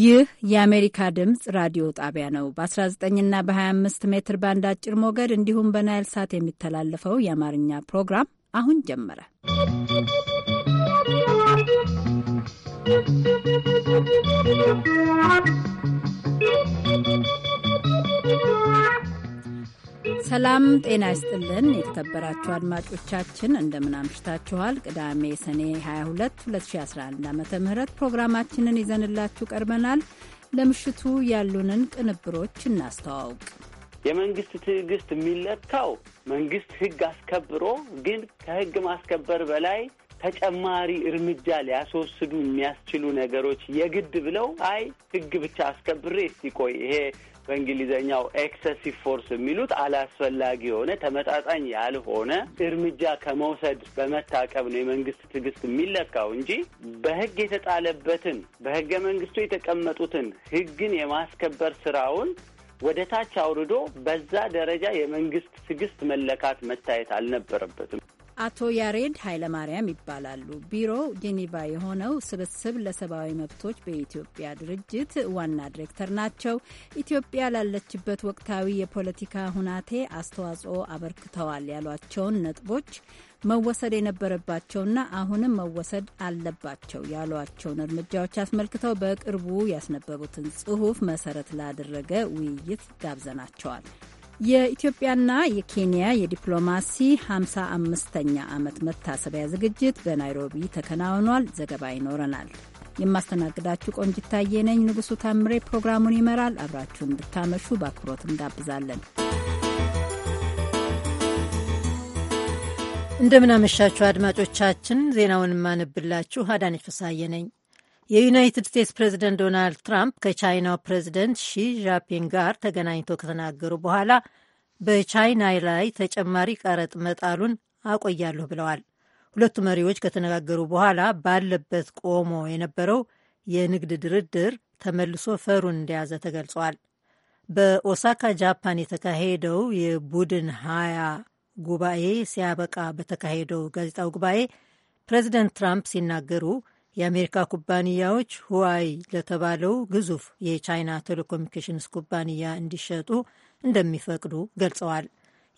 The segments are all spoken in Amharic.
ይህ የአሜሪካ ድምፅ ራዲዮ ጣቢያ ነው። በ19ና በ25 ሜትር ባንድ አጭር ሞገድ እንዲሁም በናይል ሳት የሚተላለፈው የአማርኛ ፕሮግራም አሁን ጀመረ። ¶¶ ሰላም ጤና ይስጥልን። የተከበራችሁ አድማጮቻችን እንደምን አምሽታችኋል? ቅዳሜ ሰኔ 22 2011 ዓ ም ፕሮግራማችንን ይዘንላችሁ ቀርበናል። ለምሽቱ ያሉንን ቅንብሮች እናስተዋውቅ። የመንግስት ትዕግስት የሚለካው መንግስት ህግ አስከብሮ ግን ከህግ ማስከበር በላይ ተጨማሪ እርምጃ ሊያስወስዱ የሚያስችሉ ነገሮች የግድ ብለው አይ ህግ ብቻ አስከብሬ እስቲ ቆይ ይሄ በእንግሊዘኛው ኤክሰሲቭ ፎርስ የሚሉት አላስፈላጊ የሆነ ተመጣጣኝ ያልሆነ እርምጃ ከመውሰድ በመታቀብ ነው የመንግስት ትዕግስት የሚለካው እንጂ በህግ የተጣለበትን በህገ መንግስቱ የተቀመጡትን ህግን የማስከበር ስራውን ወደ ታች አውርዶ በዛ ደረጃ የመንግስት ትዕግስት መለካት መታየት አልነበረበትም። አቶ ያሬድ ኃይለማርያም ይባላሉ። ቢሮው ጄኔቫ የሆነው ስብስብ ለሰብአዊ መብቶች በኢትዮጵያ ድርጅት ዋና ዲሬክተር ናቸው። ኢትዮጵያ ላለችበት ወቅታዊ የፖለቲካ ሁናቴ አስተዋጽኦ አበርክተዋል ያሏቸውን ነጥቦች መወሰድ የነበረባቸውና አሁንም መወሰድ አለባቸው ያሏቸውን እርምጃዎች አስመልክተው በቅርቡ ያስነበቡትን ጽሑፍ መሰረት ላደረገ ውይይት ጋብዘናቸዋል። የኢትዮጵያና የኬንያ የዲፕሎማሲ 55ኛ ዓመት መታሰቢያ ዝግጅት በናይሮቢ ተከናውኗል። ዘገባ ይኖረናል። የማስተናግዳችሁ ቆንጂት ታዬ ነኝ። ንጉሱ ታምሬ ፕሮግራሙን ይመራል። አብራችሁ እንድታመሹ በአክብሮት እንጋብዛለን። እንደምናመሻችሁ አድማጮቻችን፣ ዜናውን የማነብላችሁ አዳነች ፍሳዬ ነኝ። የዩናይትድ ስቴትስ ፕሬዚደንት ዶናልድ ትራምፕ ከቻይናው ፕሬዚደንት ሺ ዣፒንግ ጋር ተገናኝቶ ከተናገሩ በኋላ በቻይና ላይ ተጨማሪ ቀረጥ መጣሉን አቆያለሁ ብለዋል። ሁለቱ መሪዎች ከተነጋገሩ በኋላ ባለበት ቆሞ የነበረው የንግድ ድርድር ተመልሶ ፈሩን እንደያዘ ተገልጿል። በኦሳካ ጃፓን የተካሄደው የቡድን ሀያ ጉባኤ ሲያበቃ በተካሄደው ጋዜጣዊ ጉባኤ ፕሬዚደንት ትራምፕ ሲናገሩ የአሜሪካ ኩባንያዎች ሁዋይ ለተባለው ግዙፍ የቻይና ቴሌኮሙኒኬሽንስ ኩባንያ እንዲሸጡ እንደሚፈቅዱ ገልጸዋል።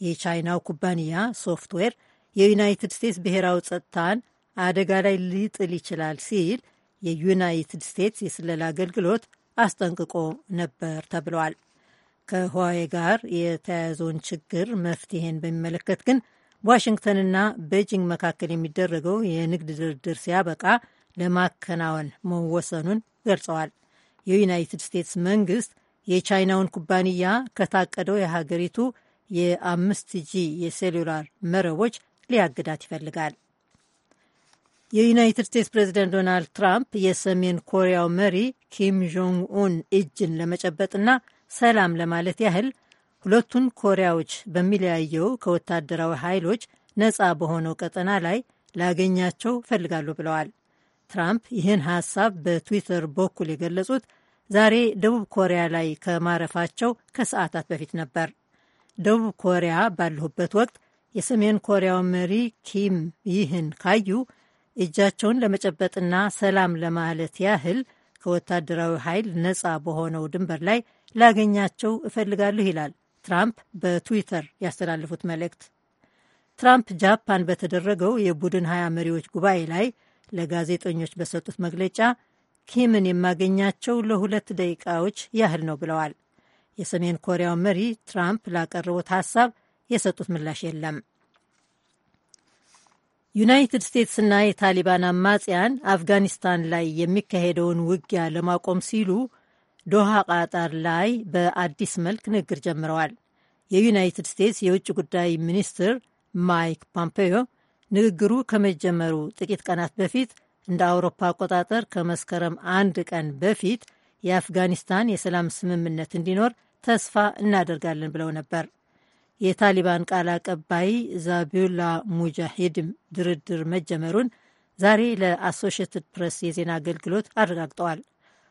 የቻይናው ኩባንያ ሶፍትዌር የዩናይትድ ስቴትስ ብሔራዊ ጸጥታን አደጋ ላይ ሊጥል ይችላል ሲል የዩናይትድ ስቴትስ የስለላ አገልግሎት አስጠንቅቆ ነበር ተብለዋል። ከህዋዌ ጋር የተያያዘውን ችግር መፍትሄን በሚመለከት ግን ዋሽንግተንና ቤጂንግ መካከል የሚደረገው የንግድ ድርድር ሲያበቃ ለማከናወን መወሰኑን ገልጸዋል። የዩናይትድ ስቴትስ መንግስት የቻይናውን ኩባንያ ከታቀደው የሀገሪቱ የአምስት ጂ የሴሉላር መረቦች ሊያግዳት ይፈልጋል። የዩናይትድ ስቴትስ ፕሬዚደንት ዶናልድ ትራምፕ የሰሜን ኮሪያው መሪ ኪም ጆንግ ኡን እጅን ለመጨበጥና ሰላም ለማለት ያህል ሁለቱን ኮሪያዎች በሚለያየው ከወታደራዊ ኃይሎች ነፃ በሆነው ቀጠና ላይ ላገኛቸው እፈልጋለሁ ብለዋል። ትራምፕ ይህን ሐሳብ በትዊተር በኩል የገለጹት ዛሬ ደቡብ ኮሪያ ላይ ከማረፋቸው ከሰዓታት በፊት ነበር። ደቡብ ኮሪያ ባለሁበት ወቅት የሰሜን ኮሪያው መሪ ኪም ይህን ካዩ እጃቸውን ለመጨበጥና ሰላም ለማለት ያህል ከወታደራዊ ኃይል ነፃ በሆነው ድንበር ላይ ላገኛቸው እፈልጋለሁ ይላል ትራምፕ በትዊተር ያስተላለፉት መልእክት። ትራምፕ ጃፓን በተደረገው የቡድን ሀያ መሪዎች ጉባኤ ላይ ለጋዜጠኞች በሰጡት መግለጫ ኪምን የማገኛቸው ለሁለት ደቂቃዎች ያህል ነው ብለዋል። የሰሜን ኮሪያው መሪ ትራምፕ ላቀረቡት ሀሳብ የሰጡት ምላሽ የለም። ዩናይትድ ስቴትስና የታሊባን አማጽያን አፍጋኒስታን ላይ የሚካሄደውን ውጊያ ለማቆም ሲሉ ዶሃ ቃጣር ላይ በአዲስ መልክ ንግግር ጀምረዋል። የዩናይትድ ስቴትስ የውጭ ጉዳይ ሚኒስትር ማይክ ፖምፔዮ ንግግሩ ከመጀመሩ ጥቂት ቀናት በፊት እንደ አውሮፓ አቆጣጠር ከመስከረም አንድ ቀን በፊት የአፍጋኒስታን የሰላም ስምምነት እንዲኖር ተስፋ እናደርጋለን ብለው ነበር። የታሊባን ቃል አቀባይ ዛቢውላ ሙጃሂድ ድርድር መጀመሩን ዛሬ ለአሶሺየትድ ፕሬስ የዜና አገልግሎት አረጋግጠዋል።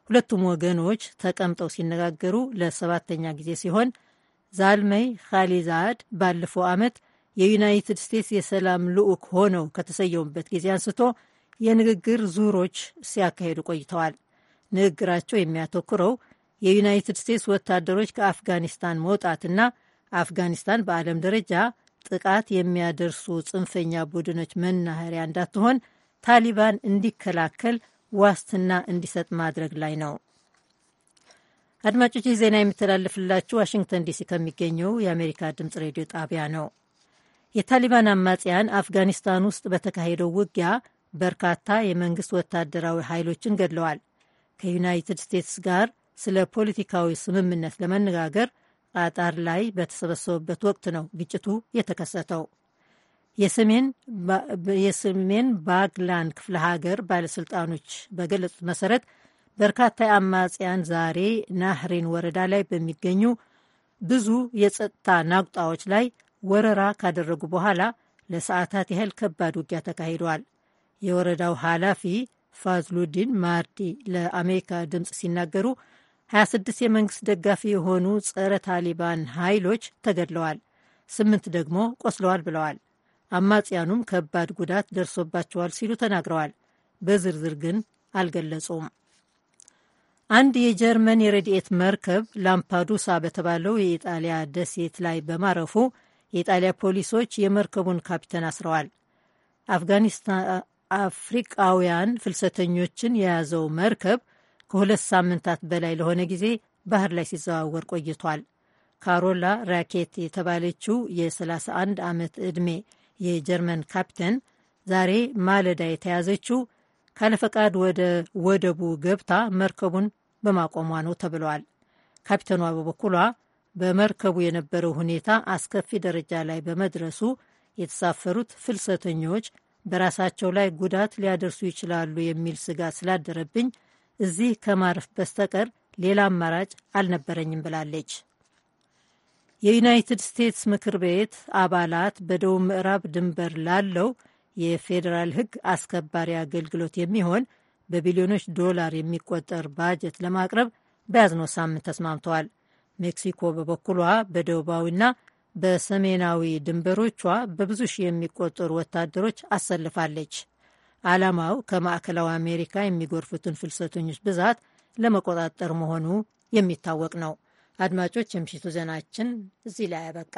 ሁለቱም ወገኖች ተቀምጠው ሲነጋገሩ ለሰባተኛ ጊዜ ሲሆን ዛልመይ ካሊዛድ ባለፈው ዓመት የዩናይትድ ስቴትስ የሰላም ልዑክ ሆነው ከተሰየሙበት ጊዜ አንስቶ የንግግር ዙሮች ሲያካሂዱ ቆይተዋል። ንግግራቸው የሚያተኩረው የዩናይትድ ስቴትስ ወታደሮች ከአፍጋኒስታን መውጣትና አፍጋኒስታን በዓለም ደረጃ ጥቃት የሚያደርሱ ጽንፈኛ ቡድኖች መናኸሪያ እንዳትሆን ታሊባን እንዲከላከል ዋስትና እንዲሰጥ ማድረግ ላይ ነው። አድማጮች ይህ ዜና የሚተላለፍላችሁ ዋሽንግተን ዲሲ ከሚገኘው የአሜሪካ ድምጽ ሬዲዮ ጣቢያ ነው። የታሊባን አማጽያን አፍጋኒስታን ውስጥ በተካሄደው ውጊያ በርካታ የመንግስት ወታደራዊ ኃይሎችን ገድለዋል። ከዩናይትድ ስቴትስ ጋር ስለ ፖለቲካዊ ስምምነት ለመነጋገር ቃጣር ላይ በተሰበሰቡበት ወቅት ነው ግጭቱ የተከሰተው። የሰሜን ባግላንድ ክፍለ ሀገር ባለሥልጣኖች በገለጹት መሰረት በርካታ የአማጽያን ዛሬ ናህሬን ወረዳ ላይ በሚገኙ ብዙ የጸጥታ ናቁጣዎች ላይ ወረራ ካደረጉ በኋላ ለሰዓታት ያህል ከባድ ውጊያ ተካሂደዋል። የወረዳው ኃላፊ ፋዝሉዲን ማርዲ ለአሜሪካ ድምፅ ሲናገሩ 26 የመንግስት ደጋፊ የሆኑ ጸረ ታሊባን ኃይሎች ተገድለዋል፣ ስምንት ደግሞ ቆስለዋል ብለዋል። አማጽያኑም ከባድ ጉዳት ደርሶባቸዋል ሲሉ ተናግረዋል። በዝርዝር ግን አልገለጹም። አንድ የጀርመን የረድኤት መርከብ ላምፓዱሳ በተባለው የኢጣሊያ ደሴት ላይ በማረፉ የኢጣሊያ ፖሊሶች የመርከቡን ካፒተን አስረዋል። አፍሪቃውያን ፍልሰተኞችን የያዘው መርከብ ከሁለት ሳምንታት በላይ ለሆነ ጊዜ ባህር ላይ ሲዘዋወር ቆይቷል። ካሮላ ራኬት የተባለችው የ31 ዓመት ዕድሜ የጀርመን ካፕቴን ዛሬ ማለዳ የተያዘችው ካለፈቃድ ወደ ወደቡ ገብታ መርከቡን በማቆሟ ነው ተብለዋል። ካፕቴኗ በበኩሏ በመርከቡ የነበረው ሁኔታ አስከፊ ደረጃ ላይ በመድረሱ የተሳፈሩት ፍልሰተኞች በራሳቸው ላይ ጉዳት ሊያደርሱ ይችላሉ የሚል ስጋት ስላደረብኝ እዚህ ከማረፍ በስተቀር ሌላ አማራጭ አልነበረኝም ብላለች። የዩናይትድ ስቴትስ ምክር ቤት አባላት በደቡብ ምዕራብ ድንበር ላለው የፌዴራል ሕግ አስከባሪ አገልግሎት የሚሆን በቢሊዮኖች ዶላር የሚቆጠር ባጀት ለማቅረብ በያዝነው ሳምንት ተስማምተዋል። ሜክሲኮ በበኩሏ በደቡባዊና በሰሜናዊ ድንበሮቿ በብዙ ሺህ የሚቆጠሩ ወታደሮች አሰልፋለች። ዓላማው ከማዕከላዊ አሜሪካ የሚጎርፉትን ፍልሰተኞች ብዛት ለመቆጣጠር መሆኑ የሚታወቅ ነው። አድማጮች፣ የምሽቱ ዜናችን እዚህ ላይ አበቃ።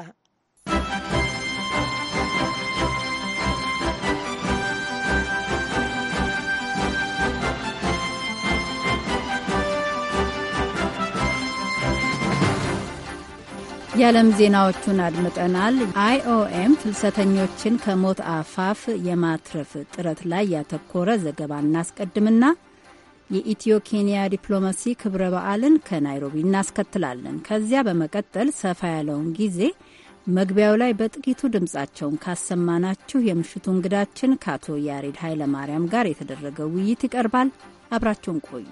የዓለም ዜናዎቹን አድምጠናል። አይኦኤም ፍልሰተኞችን ከሞት አፋፍ የማትረፍ ጥረት ላይ ያተኮረ ዘገባ እናስቀድምና የኢትዮ ኬንያ ዲፕሎማሲ ክብረ በዓልን ከናይሮቢ እናስከትላለን። ከዚያ በመቀጠል ሰፋ ያለውን ጊዜ መግቢያው ላይ በጥቂቱ ድምጻቸውን ካሰማናችሁ የምሽቱ እንግዳችን ከአቶ ያሬድ ኃይለማርያም ጋር የተደረገ ውይይት ይቀርባል። አብራችሁን ቆዩ።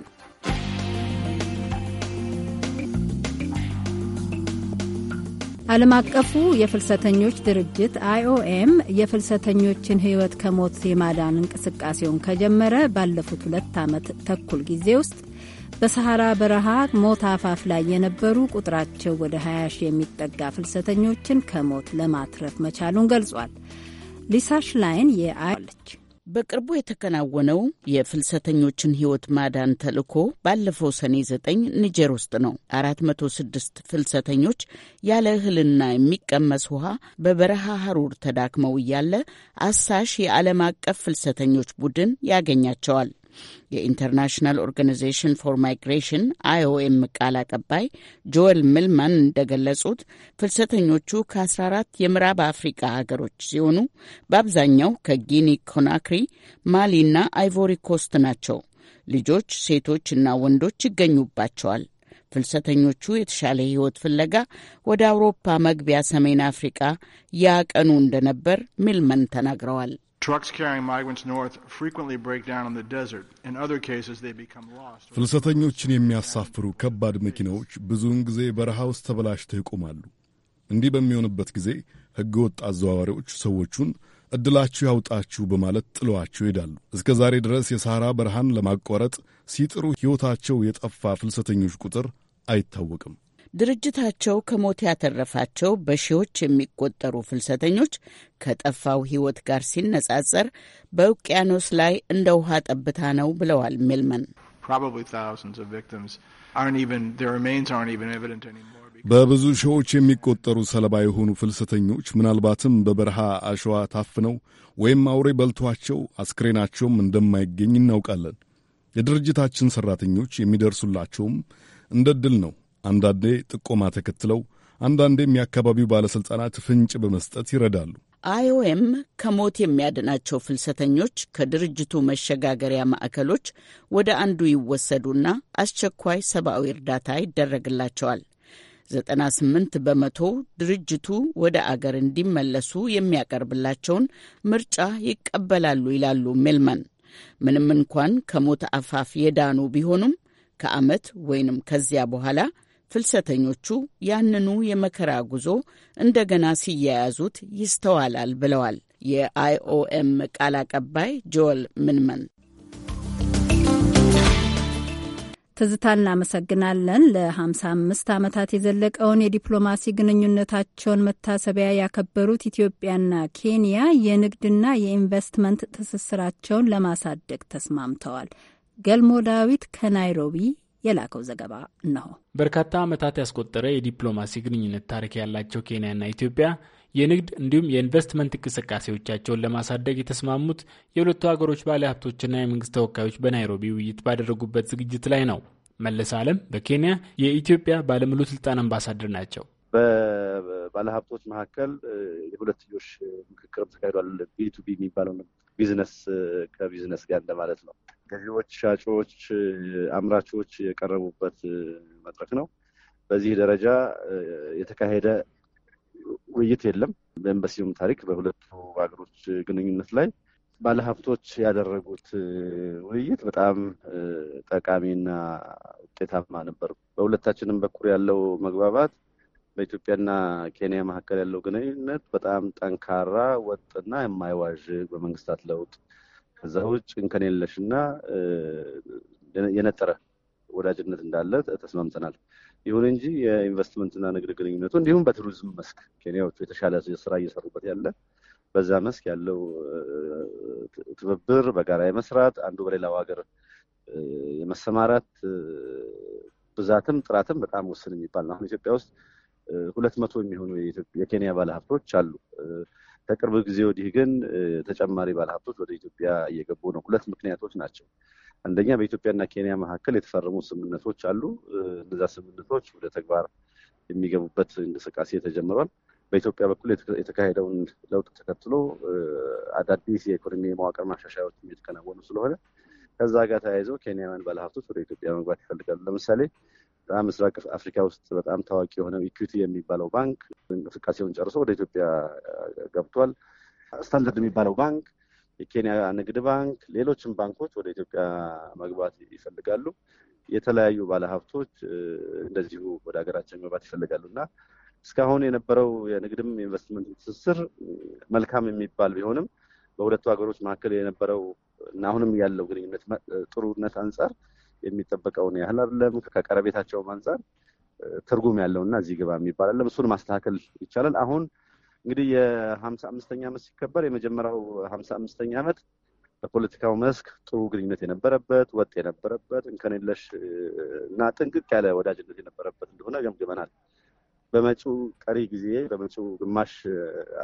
ዓለም አቀፉ የፍልሰተኞች ድርጅት አይኦኤም የፍልሰተኞችን ሕይወት ከሞት የማዳን እንቅስቃሴውን ከጀመረ ባለፉት ሁለት ዓመት ተኩል ጊዜ ውስጥ በሰሐራ በረሃ ሞት አፋፍ ላይ የነበሩ ቁጥራቸው ወደ 20 ሺህ የሚጠጋ ፍልሰተኞችን ከሞት ለማትረፍ መቻሉን ገልጿል። ሊሳ ሽላይን የአለች በቅርቡ የተከናወነው የፍልሰተኞችን ሕይወት ማዳን ተልእኮ ባለፈው ሰኔ ዘጠኝ ኒጀር ውስጥ ነው። አራት መቶ ስድስት ፍልሰተኞች ያለ እህልና የሚቀመስ ውሃ በበረሃ ሀሩር ተዳክመው እያለ አሳሽ የዓለም አቀፍ ፍልሰተኞች ቡድን ያገኛቸዋል። የኢንተርናሽናል ኦርጋናይዜሽን ፎር ማይግሬሽን አይኦኤም ቃል አቀባይ ጆል ምልማን እንደገለጹት ፍልሰተኞቹ ከ14 የምዕራብ አፍሪቃ ሀገሮች ሲሆኑ በአብዛኛው ከጊኒ ኮናክሪ፣ ማሊ እና አይቮሪ ኮስት ናቸው። ልጆች፣ ሴቶች እና ወንዶች ይገኙባቸዋል። ፍልሰተኞቹ የተሻለ ሕይወት ፍለጋ ወደ አውሮፓ መግቢያ ሰሜን አፍሪቃ ያቀኑ እንደነበር ሚልመን ተናግረዋል። ፍልሰተኞችን የሚያሳፍሩ ከባድ መኪናዎች ብዙውን ጊዜ በረሃ ውስጥ ተበላሽተው ይቆማሉ። እንዲህ በሚሆንበት ጊዜ ወጥ አዘዋዋሪዎች ሰዎቹን እድላችሁ ያውጣችሁ በማለት ጥለዋቸው ይሄዳሉ። እስከ ዛሬ ድረስ የሳራ በረሃን ለማቋረጥ ሲጥሩ ሕይወታቸው የጠፋ ፍልሰተኞች ቁጥር አይታወቅም። ድርጅታቸው ከሞት ያተረፋቸው በሺዎች የሚቆጠሩ ፍልሰተኞች ከጠፋው ሕይወት ጋር ሲነጻጸር በውቅያኖስ ላይ እንደ ውሃ ጠብታ ነው ብለዋል ሜልመን። በብዙ ሺዎች የሚቆጠሩ ሰለባ የሆኑ ፍልሰተኞች ምናልባትም በበረሃ አሸዋ ታፍነው ወይም አውሬ በልቷቸው አስክሬናቸውም እንደማይገኝ እናውቃለን። የድርጅታችን ሠራተኞች የሚደርሱላቸውም እንደ ድል ነው። አንዳንዴ ጥቆማ ተከትለው፣ አንዳንዴም የአካባቢው ባለሥልጣናት ፍንጭ በመስጠት ይረዳሉ። አይኦኤም ከሞት የሚያድናቸው ፍልሰተኞች ከድርጅቱ መሸጋገሪያ ማዕከሎች ወደ አንዱ ይወሰዱና አስቸኳይ ሰብአዊ እርዳታ ይደረግላቸዋል። 98 በመቶ ድርጅቱ ወደ አገር እንዲመለሱ የሚያቀርብላቸውን ምርጫ ይቀበላሉ ይላሉ ሜልማን። ምንም እንኳን ከሞት አፋፍ የዳኑ ቢሆኑም ከዓመት ወይንም ከዚያ በኋላ ፍልሰተኞቹ ያንኑ የመከራ ጉዞ እንደገና ሲያያዙት ይስተዋላል ብለዋል የአይኦኤም ቃል አቀባይ ጆል ምንመን። ትዝታ እናመሰግናለን። ለ55 ዓመታት የዘለቀውን የዲፕሎማሲ ግንኙነታቸውን መታሰቢያ ያከበሩት ኢትዮጵያና ኬንያ የንግድና የኢንቨስትመንት ትስስራቸውን ለማሳደግ ተስማምተዋል። ገልሞ ዳዊት ከናይሮቢ የላከው ዘገባ ነው። በርካታ ዓመታት ያስቆጠረ የዲፕሎማሲ ግንኙነት ታሪክ ያላቸው ኬንያና ኢትዮጵያ የንግድ እንዲሁም የኢንቨስትመንት እንቅስቃሴዎቻቸውን ለማሳደግ የተስማሙት የሁለቱ ሀገሮች ባለሀብቶችና የመንግስት ተወካዮች በናይሮቢ ውይይት ባደረጉበት ዝግጅት ላይ ነው። መለስ አለም በኬንያ የኢትዮጵያ ባለሙሉ ስልጣን አምባሳደር ናቸው። በባለሀብቶች መካከል የሁለትዮሽ ምክክርም ተካሂዷል። ቢቱቢ የሚባለው ቢዝነስ ከቢዝነስ ጋር እንደማለት ነው። ገዢዎች፣ ሻጮች፣ አምራቾች የቀረቡበት መድረክ ነው። በዚህ ደረጃ የተካሄደ ውይይት የለም። በኤምባሲውም ታሪክ በሁለቱ ሀገሮች ግንኙነት ላይ ባለሀብቶች ያደረጉት ውይይት በጣም ጠቃሚና ውጤታማ ነበር። በሁለታችንም በኩል ያለው መግባባት በኢትዮጵያና ኬንያ መካከል ያለው ግንኙነት በጣም ጠንካራ፣ ወጥና የማይዋዥ በመንግስታት ለውጥ ከዛ ውጭ እንከን የለሽ እና የነጠረ ወዳጅነት እንዳለ ተስማምተናል። ይሁን እንጂ የኢንቨስትመንትና ንግድ ግንኙነቱ እንዲሁም በቱሪዝም መስክ ኬንያዎቹ የተሻለ ስራ እየሰሩበት ያለ በዛ መስክ ያለው ትብብር፣ በጋራ የመስራት አንዱ በሌላው ሀገር የመሰማራት ብዛትም ጥራትም በጣም ውስን የሚባል ነው። አሁን ኢትዮጵያ ውስጥ ሁለት መቶ የሚሆኑ የኬንያ ባለሀብቶች አሉ። ከቅርብ ጊዜ ወዲህ ግን ተጨማሪ ባለሀብቶች ወደ ኢትዮጵያ እየገቡ ነው። ሁለት ምክንያቶች ናቸው። አንደኛ በኢትዮጵያና ኬንያ መካከል የተፈረሙ ስምምነቶች አሉ። እነዛ ስምምነቶች ወደ ተግባር የሚገቡበት እንቅስቃሴ ተጀምሯል። በኢትዮጵያ በኩል የተካሄደውን ለውጥ ተከትሎ አዳዲስ የኢኮኖሚ የመዋቅር ማሻሻያዎች እየተከናወኑ ስለሆነ ከዛ ጋር ተያይዘው ኬንያውያን ባለሀብቶች ወደ ኢትዮጵያ መግባት ይፈልጋሉ። ለምሳሌ በጣም ምስራቅ አፍሪካ ውስጥ በጣም ታዋቂ የሆነው ኢኩቲ የሚባለው ባንክ እንቅስቃሴውን ጨርሶ ወደ ኢትዮጵያ ገብቷል። ስታንዳርድ የሚባለው ባንክ፣ የኬንያ ንግድ ባንክ፣ ሌሎችም ባንኮች ወደ ኢትዮጵያ መግባት ይፈልጋሉ። የተለያዩ ባለሀብቶች እንደዚሁ ወደ ሀገራችን መግባት ይፈልጋሉ እና እስካሁን የነበረው የንግድም ኢንቨስትመንት ትስስር መልካም የሚባል ቢሆንም በሁለቱ ሀገሮች መካከል የነበረው እና አሁንም ያለው ግንኙነት ጥሩነት አንጻር የሚጠበቀውን ያህል አይደለም። ከቀረቤታቸውም አንጻር ትርጉም ያለውና እዚህ ግባ የሚባል አይደለም። እሱን ማስተካከል ይቻላል። አሁን እንግዲህ የሀምሳ አምስተኛ ዓመት ሲከበር የመጀመሪያው ሀምሳ አምስተኛ ዓመት በፖለቲካው መስክ ጥሩ ግንኙነት የነበረበት ወጥ የነበረበት እንከን የለሽ እና ጥንቅቅ ያለ ወዳጅነት የነበረበት እንደሆነ ገምግመናል። በመጪው ቀሪ ጊዜ በመጪው ግማሽ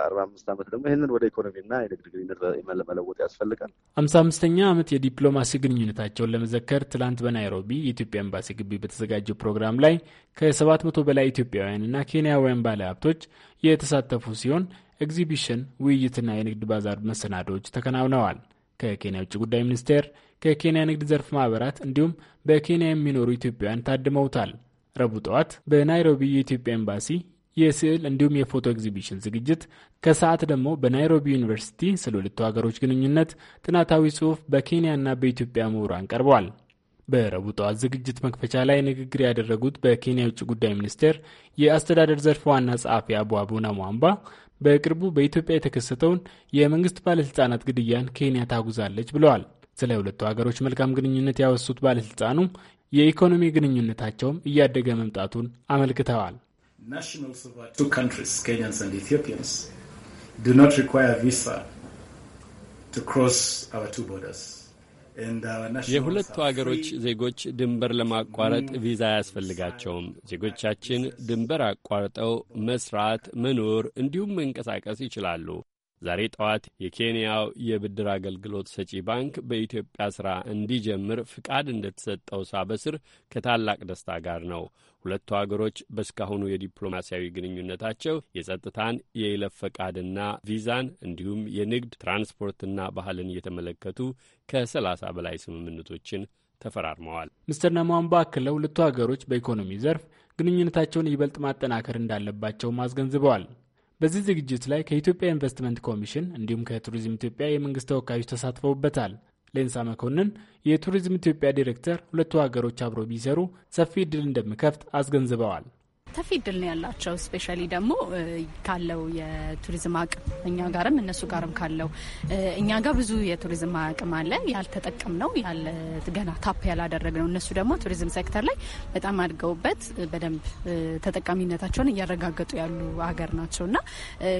አርባ አምስት ዓመት ደግሞ ይህንን ወደ ኢኮኖሚና የንግድ ግንኙነት መለወጥ ያስፈልጋል። አምሳ አምስተኛ ዓመት የዲፕሎማሲ ግንኙነታቸውን ለመዘከር ትላንት በናይሮቢ የኢትዮጵያ ኤምባሲ ግቢ በተዘጋጀው ፕሮግራም ላይ ከሰባት መቶ በላይ ኢትዮጵያውያንና ኬንያውያን ባለሀብቶች የተሳተፉ ሲሆን ኤግዚቢሽን፣ ውይይትና የንግድ ባዛር መሰናዶዎች ተከናውነዋል። ከኬንያ ውጭ ጉዳይ ሚኒስቴር፣ ከኬንያ ንግድ ዘርፍ ማህበራት እንዲሁም በኬንያ የሚኖሩ ኢትዮጵያውያን ታድመውታል። ረቡዕ ጠዋት በናይሮቢ የኢትዮጵያ ኤምባሲ የስዕል እንዲሁም የፎቶ ኤግዚቢሽን ዝግጅት ከሰዓት ደግሞ በናይሮቢ ዩኒቨርሲቲ ስለ ሁለቱ ሀገሮች ግንኙነት ጥናታዊ ጽሑፍ በኬንያና በኢትዮጵያ ምሁራን ቀርበዋል። በረቡዕ ጠዋት ዝግጅት መክፈቻ ላይ ንግግር ያደረጉት በኬንያ የውጭ ጉዳይ ሚኒስቴር የአስተዳደር ዘርፍ ዋና ጸሐፊ አቦ አቡና ሟምባ በቅርቡ በኢትዮጵያ የተከሰተውን የመንግስት ባለሥልጣናት ግድያን ኬንያ ታጉዛለች ብለዋል። ስለ ሁለቱ ሀገሮች መልካም ግንኙነት ያወሱት ባለሥልጣኑ የኢኮኖሚ ግንኙነታቸውም እያደገ መምጣቱን አመልክተዋል። የሁለቱ አገሮች ዜጎች ድንበር ለማቋረጥ mm. ቪዛ አያስፈልጋቸውም። ዜጎቻችን ድንበር አቋርጠው መስራት፣ መኖር እንዲሁም መንቀሳቀስ ይችላሉ። ዛሬ ጠዋት የኬንያው የብድር አገልግሎት ሰጪ ባንክ በኢትዮጵያ ሥራ እንዲጀምር ፍቃድ እንደተሰጠው ሳበስር ከታላቅ ደስታ ጋር ነው። ሁለቱ አገሮች በእስካሁኑ የዲፕሎማሲያዊ ግንኙነታቸው የጸጥታን፣ የይለፍ ፈቃድና ቪዛን እንዲሁም የንግድ ትራንስፖርትና ባህልን እየተመለከቱ ከሰላሳ በላይ ስምምነቶችን ተፈራርመዋል። ምስትር ነማንባ አክለው ሁለቱ አገሮች በኢኮኖሚ ዘርፍ ግንኙነታቸውን ይበልጥ ማጠናከር እንዳለባቸው አስገንዝበዋል። በዚህ ዝግጅት ላይ ከኢትዮጵያ ኢንቨስትመንት ኮሚሽን እንዲሁም ከቱሪዝም ኢትዮጵያ የመንግስት ተወካዮች ተሳትፈውበታል። ሌንሳ መኮንን የቱሪዝም ኢትዮጵያ ዲሬክተር፣ ሁለቱ ሀገሮች አብረው ቢሰሩ ሰፊ እድል እንደሚከፍት አስገንዝበዋል። ሰፊ እድል ነው ያላቸው። ስፔሻሊ ደግሞ ካለው የቱሪዝም አቅም እኛ ጋርም እነሱ ጋርም ካለው እኛ ጋር ብዙ የቱሪዝም አቅም አለ ያልተጠቀም ነው ያለ ገና ታፕ ያላደረግ ነው። እነሱ ደግሞ ቱሪዝም ሴክተር ላይ በጣም አድገውበት በደንብ ተጠቃሚነታቸውን እያረጋገጡ ያሉ ሀገር ናቸው እና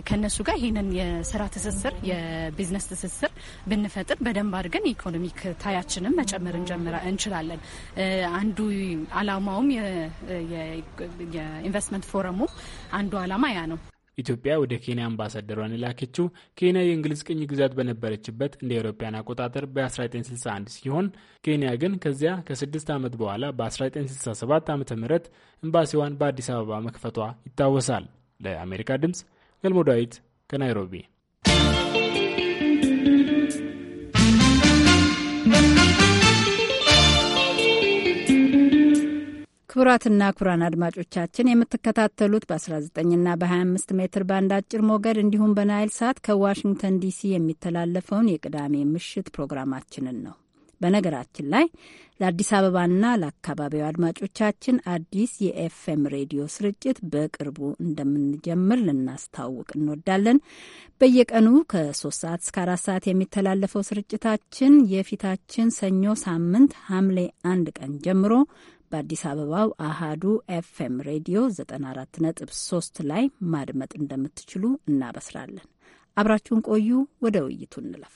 ከእነሱ ጋር ይህንን የስራ ትስስር የቢዝነስ ትስስር ብንፈጥር በደንብ አድርገን የኢኮኖሚክ ታያችንም መጨመር እንችላለን። አንዱ አላማውም የኢንቨስትመንት ፎረሙ አንዱ ዓላማ ያ ነው። ኢትዮጵያ ወደ ኬንያ አምባሳደሯን የላከችው ኬንያ የእንግሊዝ ቅኝ ግዛት በነበረችበት እንደ አውሮፓውያን አቆጣጠር በ1961 ሲሆን ኬንያ ግን ከዚያ ከስድስት ዓመት በኋላ በ1967 ዓ ም ኤምባሲዋን በአዲስ አበባ መክፈቷ ይታወሳል። ለአሜሪካ ድምፅ ገልሞ ዳዊት ከናይሮቢ ክቡራትና ክቡራን አድማጮቻችን የምትከታተሉት በ19ና በ25 ሜትር ባንድ አጭር ሞገድ እንዲሁም በናይል ሳት ከዋሽንግተን ዲሲ የሚተላለፈውን የቅዳሜ ምሽት ፕሮግራማችንን ነው። በነገራችን ላይ ለአዲስ አበባና ለአካባቢው አድማጮቻችን አዲስ የኤፍኤም ሬዲዮ ስርጭት በቅርቡ እንደምንጀምር ልናስታውቅ እንወዳለን። በየቀኑ ከሶስት ሰዓት እስከ አራት ሰዓት የሚተላለፈው ስርጭታችን የፊታችን ሰኞ ሳምንት ሐምሌ አንድ ቀን ጀምሮ በአዲስ አበባው አሃዱ ኤፍኤም ሬዲዮ 94.3 ላይ ማድመጥ እንደምትችሉ እናበስራለን። አብራችሁን ቆዩ። ወደ ውይይቱ እንለፍ።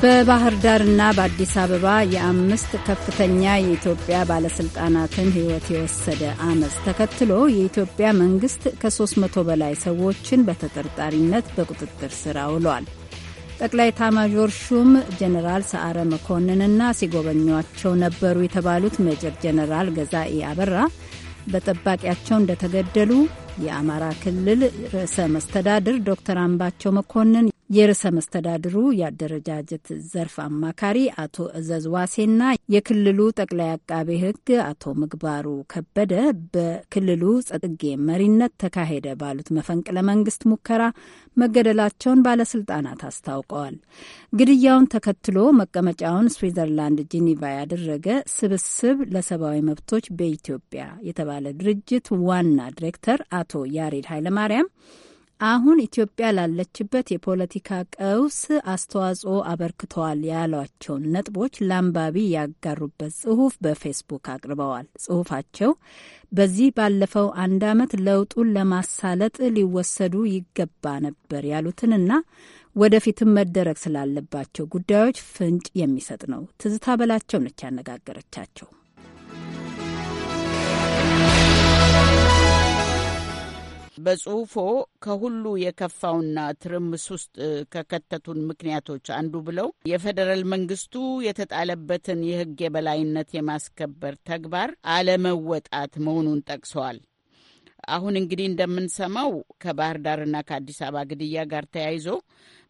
በባህር ዳርና በአዲስ አበባ የአምስት ከፍተኛ የኢትዮጵያ ባለስልጣናትን ሕይወት የወሰደ አመፅ ተከትሎ የኢትዮጵያ መንግስት ከ300 በላይ ሰዎችን በተጠርጣሪነት በቁጥጥር ስር አውሏል። ጠቅላይ ታማዦር ሹም ጀኔራል ሰዓረ መኮንንና ሲጎበኟቸው ነበሩ የተባሉት ሜጀር ጀኔራል ገዛኤ አበራ በጠባቂያቸው እንደተገደሉ የአማራ ክልል ርዕሰ መስተዳድር ዶክተር አምባቸው መኮንን የርዕሰ መስተዳድሩ የአደረጃጀት ዘርፍ አማካሪ አቶ እዘዝ ዋሴና የክልሉ ጠቅላይ አቃቤ ሕግ አቶ ምግባሩ ከበደ በክልሉ ጸጥጌ መሪነት ተካሄደ ባሉት መፈንቅለ መንግስት ሙከራ መገደላቸውን ባለስልጣናት አስታውቀዋል። ግድያውን ተከትሎ መቀመጫውን ስዊዘርላንድ ጂኒቫ ያደረገ ስብስብ ለሰብአዊ መብቶች በኢትዮጵያ የተባለ ድርጅት ዋና ዲሬክተር አቶ ያሬድ ኃይለማርያም አሁን ኢትዮጵያ ላለችበት የፖለቲካ ቀውስ አስተዋጽኦ አበርክተዋል ያሏቸውን ነጥቦች ለአንባቢ ያጋሩበት ጽሁፍ በፌስቡክ አቅርበዋል። ጽሁፋቸው በዚህ ባለፈው አንድ ዓመት ለውጡን ለማሳለጥ ሊወሰዱ ይገባ ነበር ያሉትንና ወደፊትም መደረግ ስላለባቸው ጉዳዮች ፍንጭ የሚሰጥ ነው። ትዝታ በላቸው ነች ያነጋገረቻቸው። በጽሁፎ ከሁሉ የከፋውና ትርምስ ውስጥ ከከተቱን ምክንያቶች አንዱ ብለው የፌዴራል መንግስቱ የተጣለበትን የህግ የበላይነት የማስከበር ተግባር አለመወጣት መሆኑን ጠቅሰዋል። አሁን እንግዲህ እንደምንሰማው ከባህር ዳርና ከአዲስ አበባ ግድያ ጋር ተያይዞ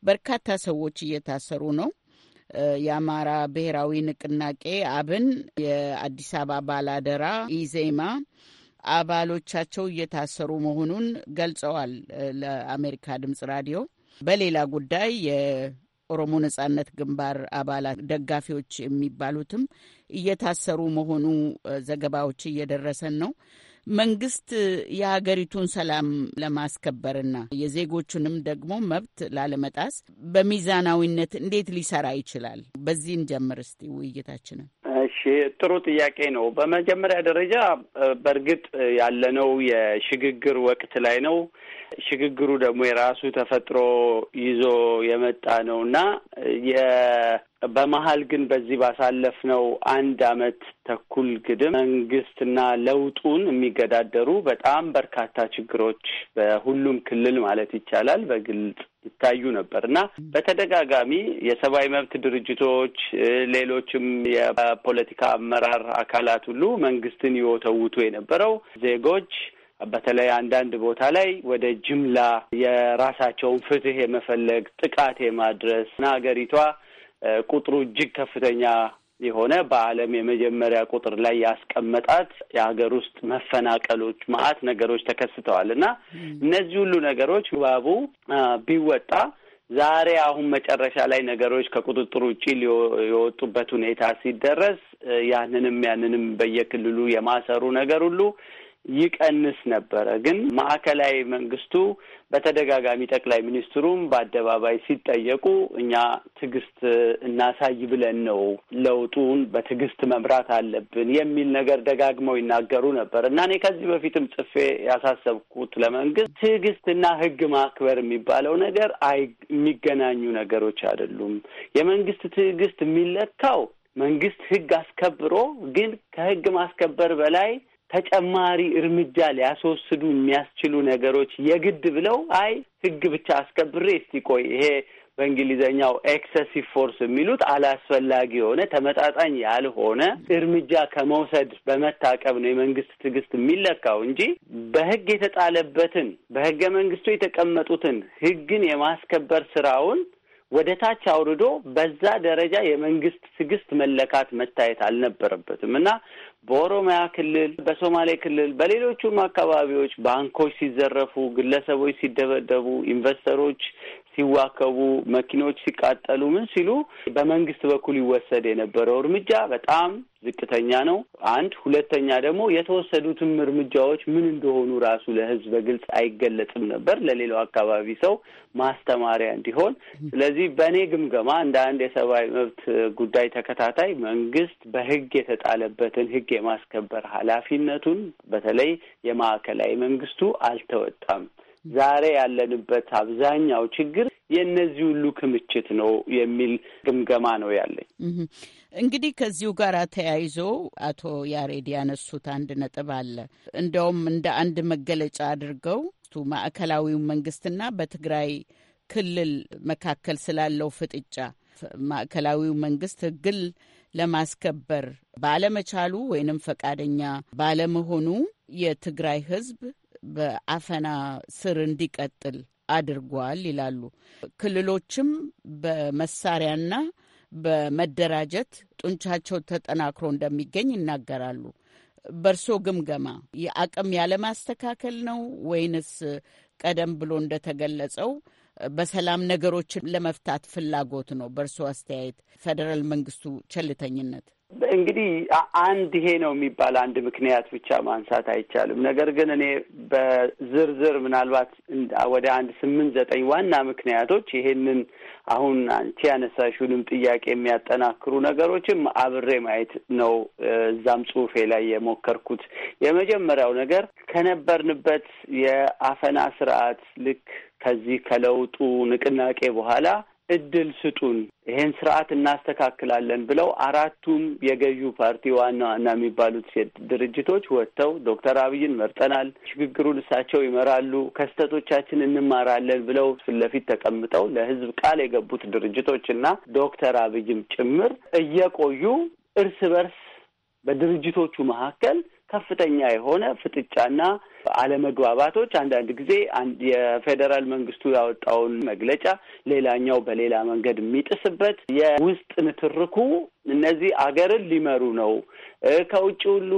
በርካታ ሰዎች እየታሰሩ ነው። የአማራ ብሔራዊ ንቅናቄ አብን፣ የአዲስ አበባ ባላደራ፣ ኢዜማ አባሎቻቸው እየታሰሩ መሆኑን ገልጸዋል ለአሜሪካ ድምጽ ራዲዮ። በሌላ ጉዳይ የኦሮሞ ነጻነት ግንባር አባላት ደጋፊዎች የሚባሉትም እየታሰሩ መሆኑ ዘገባዎች እየደረሰን ነው። መንግስት የሀገሪቱን ሰላም ለማስከበርና የዜጎቹንም ደግሞ መብት ላለመጣስ በሚዛናዊነት እንዴት ሊሰራ ይችላል? በዚህን ጀምር እስቲ ውይይታችንን እሺ ጥሩ ጥያቄ ነው። በመጀመሪያ ደረጃ በእርግጥ ያለነው የሽግግር ወቅት ላይ ነው። ሽግግሩ ደግሞ የራሱ ተፈጥሮ ይዞ የመጣ ነው እና በመሀል ግን በዚህ ባሳለፍነው አንድ አመት ተኩል ግድም መንግስትና ለውጡን የሚገዳደሩ በጣም በርካታ ችግሮች በሁሉም ክልል ማለት ይቻላል በግልጽ ይታዩ ነበር እና በተደጋጋሚ የሰብአዊ መብት ድርጅቶች፣ ሌሎችም የፖለቲካ አመራር አካላት ሁሉ መንግስትን ይወተውቱ የነበረው ዜጎች በተለይ አንዳንድ ቦታ ላይ ወደ ጅምላ የራሳቸውን ፍትህ የመፈለግ ጥቃት የማድረስ እና ሀገሪቷ ቁጥሩ እጅግ ከፍተኛ የሆነ በዓለም የመጀመሪያ ቁጥር ላይ ያስቀመጣት የሀገር ውስጥ መፈናቀሎች ማአት ነገሮች ተከስተዋል እና እነዚህ ሁሉ ነገሮች ባቡ ቢወጣ ዛሬ አሁን መጨረሻ ላይ ነገሮች ከቁጥጥር ውጪ የወጡበት ሁኔታ ሲደረስ ያንንም ያንንም በየክልሉ የማሰሩ ነገር ሁሉ ይቀንስ ነበረ። ግን ማዕከላዊ መንግስቱ በተደጋጋሚ ጠቅላይ ሚኒስትሩም በአደባባይ ሲጠየቁ እኛ ትዕግስት እናሳይ ብለን ነው ለውጡን በትዕግስት መምራት አለብን የሚል ነገር ደጋግመው ይናገሩ ነበር እና እኔ ከዚህ በፊትም ጽፌ ያሳሰብኩት ለመንግስት ትዕግስትና ሕግ ማክበር የሚባለው ነገር አይ የሚገናኙ ነገሮች አይደሉም። የመንግስት ትዕግስት የሚለካው መንግስት ሕግ አስከብሮ ግን ከሕግ ማስከበር በላይ ተጨማሪ እርምጃ ሊያስወስዱ የሚያስችሉ ነገሮች የግድ ብለው አይ ህግ ብቻ አስከብሬ እስቲ ቆይ ይሄ በእንግሊዝኛው ኤክሰሲቭ ፎርስ የሚሉት አላስፈላጊ የሆነ ተመጣጣኝ ያልሆነ እርምጃ ከመውሰድ በመታቀብ ነው የመንግስት ትዕግስት የሚለካው እንጂ በህግ የተጣለበትን በህገ መንግስቱ የተቀመጡትን ህግን የማስከበር ስራውን ወደ ታች አውርዶ በዛ ደረጃ የመንግስት ትዕግስት መለካት መታየት አልነበረበትም እና በኦሮሚያ ክልል፣ በሶማሌ ክልል፣ በሌሎቹም አካባቢዎች ባንኮች ሲዘረፉ፣ ግለሰቦች ሲደበደቡ፣ ኢንቨስተሮች ሲዋከቡ፣ መኪኖች ሲቃጠሉ፣ ምን ሲሉ በመንግስት በኩል ይወሰድ የነበረው እርምጃ በጣም ዝቅተኛ ነው። አንድ ሁለተኛ ደግሞ የተወሰዱትም እርምጃዎች ምን እንደሆኑ ራሱ ለህዝብ በግልጽ አይገለጽም ነበር ለሌላው አካባቢ ሰው ማስተማሪያ እንዲሆን። ስለዚህ በእኔ ግምገማ እንደ አንድ የሰብአዊ መብት ጉዳይ ተከታታይ መንግስት በህግ የተጣለበትን ህግ የማስከበር ኃላፊነቱን በተለይ የማዕከላዊ መንግስቱ አልተወጣም። ዛሬ ያለንበት አብዛኛው ችግር የእነዚህ ሁሉ ክምችት ነው የሚል ግምገማ ነው ያለኝ። እንግዲህ ከዚሁ ጋር ተያይዞ አቶ ያሬድ ያነሱት አንድ ነጥብ አለ። እንደውም እንደ አንድ መገለጫ አድርገው ማዕከላዊው መንግስትና በትግራይ ክልል መካከል ስላለው ፍጥጫ ማዕከላዊው መንግስት ህግን ለማስከበር ባለመቻሉ ወይንም ፈቃደኛ ባለመሆኑ የትግራይ ህዝብ። በአፈና ስር እንዲቀጥል አድርጓል ይላሉ። ክልሎችም በመሳሪያና በመደራጀት ጡንቻቸው ተጠናክሮ እንደሚገኝ ይናገራሉ። በእርሶ ግምገማ የአቅም ያለማስተካከል ነው ወይንስ ቀደም ብሎ እንደተገለጸው በሰላም ነገሮችን ለመፍታት ፍላጎት ነው? በእርሶ አስተያየት ፌዴራል መንግስቱ ቸልተኝነት እንግዲህ አንድ ይሄ ነው የሚባል አንድ ምክንያት ብቻ ማንሳት አይቻልም። ነገር ግን እኔ በዝርዝር ምናልባት ወደ አንድ ስምንት ዘጠኝ ዋና ምክንያቶች ይሄንን አሁን አንቺ ያነሳሽውንም ጥያቄ የሚያጠናክሩ ነገሮችም አብሬ ማየት ነው እዛም ጽሁፌ ላይ የሞከርኩት። የመጀመሪያው ነገር ከነበርንበት የአፈና ስርዓት ልክ ከዚህ ከለውጡ ንቅናቄ በኋላ እድል ስጡን፣ ይሄን ስርዓት እናስተካክላለን ብለው አራቱም የገዢ ፓርቲ ዋና ዋና የሚባሉት ሴት ድርጅቶች ወጥተው ዶክተር አብይን መርጠናል፣ ሽግግሩን እሳቸው ይመራሉ፣ ከስተቶቻችን እንማራለን ብለው ፊት ለፊት ተቀምጠው ለህዝብ ቃል የገቡት ድርጅቶች እና ዶክተር አብይም ጭምር እየቆዩ እርስ በርስ በድርጅቶቹ መካከል ከፍተኛ የሆነ ፍጥጫና አለመግባባቶች አንዳንድ ጊዜ የፌዴራል መንግስቱ ያወጣውን መግለጫ ሌላኛው በሌላ መንገድ የሚጥስበት የውስጥ ንትርኩ እነዚህ አገርን ሊመሩ ነው ከውጭ ሁሉ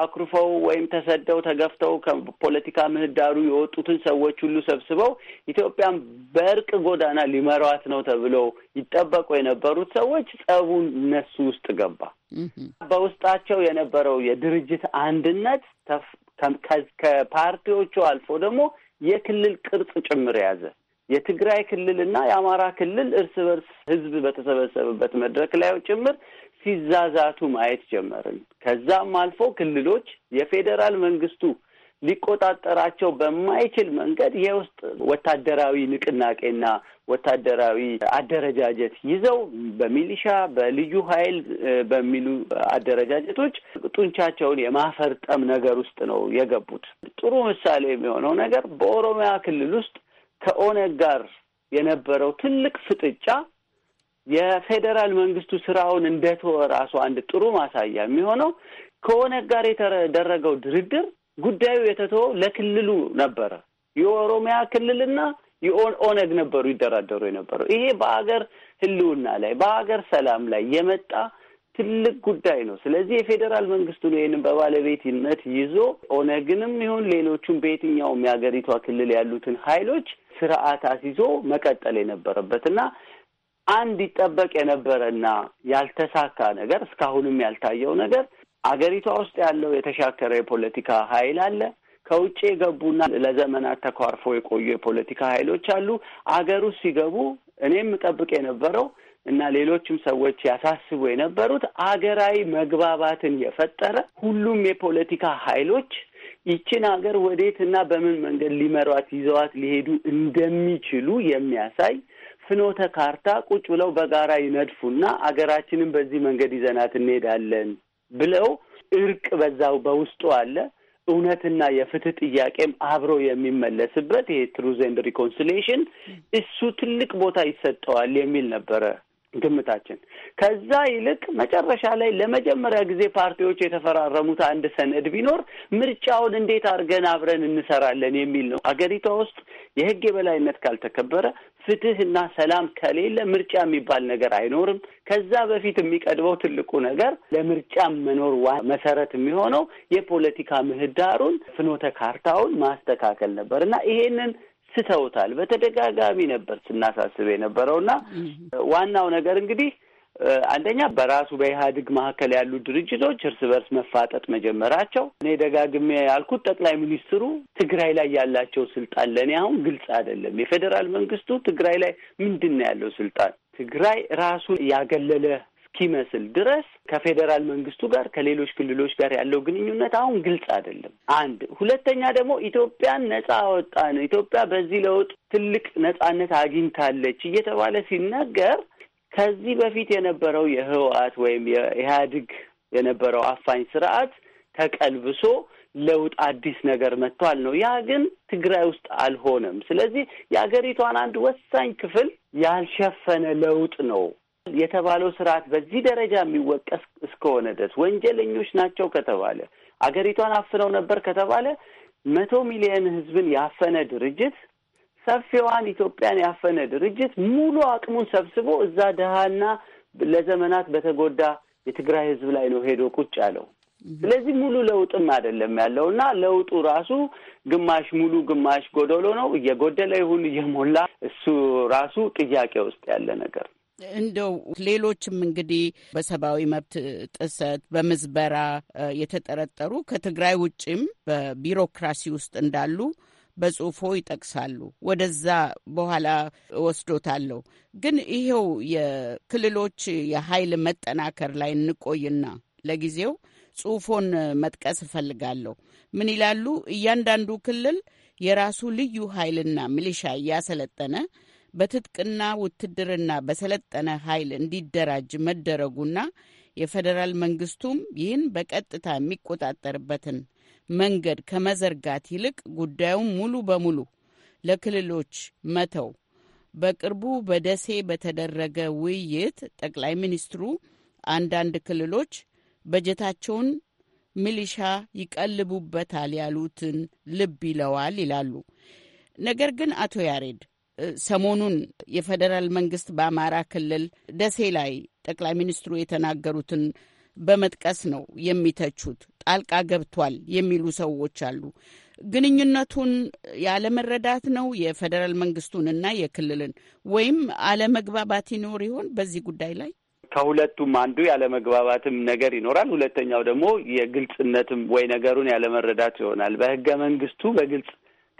አኩርፈው ወይም ተሰደው ተገፍተው ከፖለቲካ ምህዳሩ የወጡትን ሰዎች ሁሉ ሰብስበው ኢትዮጵያን በእርቅ ጎዳና ሊመሯት ነው ተብለው ይጠበቁ የነበሩት ሰዎች ጸቡን እነሱ ውስጥ ገባ። በውስጣቸው የነበረው የድርጅት አንድነት ከፓርቲዎቹ አልፎ ደግሞ የክልል ቅርጽ ጭምር የያዘ የትግራይ ክልል እና የአማራ ክልል እርስ በርስ ህዝብ በተሰበሰበበት መድረክ ላይ ጭምር ሲዛዛቱ ማየት ጀመርን። ከዛም አልፎ ክልሎች የፌዴራል መንግስቱ ሊቆጣጠራቸው በማይችል መንገድ የውስጥ ወታደራዊ ንቅናቄና ወታደራዊ አደረጃጀት ይዘው በሚሊሻ በልዩ ኃይል በሚሉ አደረጃጀቶች ጡንቻቸውን የማፈርጠም ነገር ውስጥ ነው የገቡት። ጥሩ ምሳሌ የሚሆነው ነገር በኦሮሚያ ክልል ውስጥ ከኦነግ ጋር የነበረው ትልቅ ፍጥጫ የፌዴራል መንግስቱ ስራውን እንደተወ ራሱ አንድ ጥሩ ማሳያ የሚሆነው ከኦነግ ጋር የተደረገው ድርድር ጉዳዩ የተተወው ለክልሉ ነበረ። የኦሮሚያ ክልልና የኦነግ ነበሩ ይደራደሩ የነበረው። ይሄ በሀገር ህልውና ላይ በሀገር ሰላም ላይ የመጣ ትልቅ ጉዳይ ነው። ስለዚህ የፌዴራል መንግስቱ ነው ይህንን በባለቤትነት ይዞ ኦነግንም ይሁን ሌሎቹም በየትኛውም የሀገሪቷ ክልል ያሉትን ኃይሎች ስርዓት አስይዞ መቀጠል የነበረበት እና አንድ ይጠበቅ የነበረና ያልተሳካ ነገር እስካሁንም ያልታየው ነገር አገሪቷ ውስጥ ያለው የተሻከረ የፖለቲካ ኃይል አለ። ከውጭ የገቡና ለዘመናት ተኳርፎ የቆዩ የፖለቲካ ኃይሎች አሉ። አገር ውስጥ ሲገቡ እኔም ጠብቅ የነበረው እና ሌሎችም ሰዎች ያሳስቡ የነበሩት አገራዊ መግባባትን የፈጠረ ሁሉም የፖለቲካ ኃይሎች ይችን ሀገር ወዴት እና በምን መንገድ ሊመሯት ይዘዋት ሊሄዱ እንደሚችሉ የሚያሳይ ፍኖተ ካርታ ቁጭ ብለው በጋራ ይነድፉና አገራችንን በዚህ መንገድ ይዘናት እንሄዳለን ብለው እርቅ በዛው በውስጡ አለ። እውነትና የፍትህ ጥያቄም አብሮ የሚመለስበት ይሄ ትሩዝ ኤንድ እሱ ትልቅ ቦታ ይሰጠዋል የሚል ነበረ ግምታችን። ከዛ ይልቅ መጨረሻ ላይ ለመጀመሪያ ጊዜ ፓርቲዎች የተፈራረሙት አንድ ሰነድ ቢኖር ምርጫውን እንዴት አድርገን አብረን እንሰራለን የሚል ነው። አገሪቷ ውስጥ የህግ የበላይነት ካልተከበረ ፍትህና ሰላም ከሌለ ምርጫ የሚባል ነገር አይኖርም። ከዛ በፊት የሚቀድበው ትልቁ ነገር ለምርጫ መኖር ዋ መሰረት የሚሆነው የፖለቲካ ምህዳሩን ፍኖተ ካርታውን ማስተካከል ነበር እና ይሄንን ስተውታል። በተደጋጋሚ ነበር ስናሳስብ የነበረው እና ዋናው ነገር እንግዲህ አንደኛ በራሱ በኢህአዴግ መካከል ያሉ ድርጅቶች እርስ በርስ መፋጠጥ መጀመራቸው። እኔ ደጋግሜ ያልኩት ጠቅላይ ሚኒስትሩ ትግራይ ላይ ያላቸው ስልጣን ለእኔ አሁን ግልጽ አይደለም። የፌዴራል መንግስቱ ትግራይ ላይ ምንድን ነው ያለው ስልጣን? ትግራይ ራሱን ያገለለ እስኪመስል ድረስ ከፌዴራል መንግስቱ ጋር ከሌሎች ክልሎች ጋር ያለው ግንኙነት አሁን ግልጽ አይደለም። አንድ ሁለተኛ ደግሞ ኢትዮጵያን ነጻ ነው ኢትዮጵያ በዚህ ለውጥ ትልቅ ነጻነት አግኝታለች እየተባለ ሲነገር ከዚህ በፊት የነበረው የህወሓት ወይም የኢህአዴግ የነበረው አፋኝ ስርዓት ተቀልብሶ ለውጥ አዲስ ነገር መጥቷል ነው። ያ ግን ትግራይ ውስጥ አልሆነም። ስለዚህ የአገሪቷን አንድ ወሳኝ ክፍል ያልሸፈነ ለውጥ ነው የተባለው ስርዓት በዚህ ደረጃ የሚወቀስ እስከሆነ ድረስ ወንጀለኞች ናቸው ከተባለ አገሪቷን አፍነው ነበር ከተባለ መቶ ሚሊየን ህዝብን ያፈነ ድርጅት ሰፊዋን ኢትዮጵያን ያፈነ ድርጅት ሙሉ አቅሙን ሰብስቦ እዛ ድሃና ለዘመናት በተጎዳ የትግራይ ህዝብ ላይ ነው ሄዶ ቁጭ ያለው። ስለዚህ ሙሉ ለውጥም አይደለም ያለው እና ለውጡ ራሱ ግማሽ ሙሉ ግማሽ ጎደሎ ነው። እየጎደለ ይሁን እየሞላ እሱ ራሱ ጥያቄ ውስጥ ያለ ነገር ነው። እንደው ሌሎችም እንግዲህ በሰብአዊ መብት ጥሰት በምዝበራ የተጠረጠሩ ከትግራይ ውጭም በቢሮክራሲ ውስጥ እንዳሉ በጽሁፎ ይጠቅሳሉ። ወደዛ በኋላ ወስዶታለሁ። ግን ይሄው የክልሎች የኃይል መጠናከር ላይ እንቆይና ለጊዜው ጽሁፎን መጥቀስ እፈልጋለሁ። ምን ይላሉ? እያንዳንዱ ክልል የራሱ ልዩ ኃይልና ሚሊሻ እያሰለጠነ በትጥቅና ውትድርና በሰለጠነ ኃይል እንዲደራጅ መደረጉና የፌዴራል መንግስቱም ይህን በቀጥታ የሚቆጣጠርበትን መንገድ ከመዘርጋት ይልቅ ጉዳዩን ሙሉ በሙሉ ለክልሎች መተው። በቅርቡ በደሴ በተደረገ ውይይት ጠቅላይ ሚኒስትሩ አንዳንድ ክልሎች በጀታቸውን ሚሊሻ ይቀልቡበታል ያሉትን ልብ ይለዋል ይላሉ። ነገር ግን አቶ ያሬድ ሰሞኑን የፌዴራል መንግስት በአማራ ክልል ደሴ ላይ ጠቅላይ ሚኒስትሩ የተናገሩትን በመጥቀስ ነው የሚተቹት። ጣልቃ ገብቷል የሚሉ ሰዎች አሉ። ግንኙነቱን ያለመረዳት ነው የፌዴራል መንግስቱን እና የክልልን ወይም አለመግባባት ይኖር ይሆን በዚህ ጉዳይ ላይ? ከሁለቱም አንዱ ያለመግባባትም ነገር ይኖራል። ሁለተኛው ደግሞ የግልጽነትም ወይ ነገሩን ያለመረዳት ይሆናል። በህገ መንግስቱ በግልጽ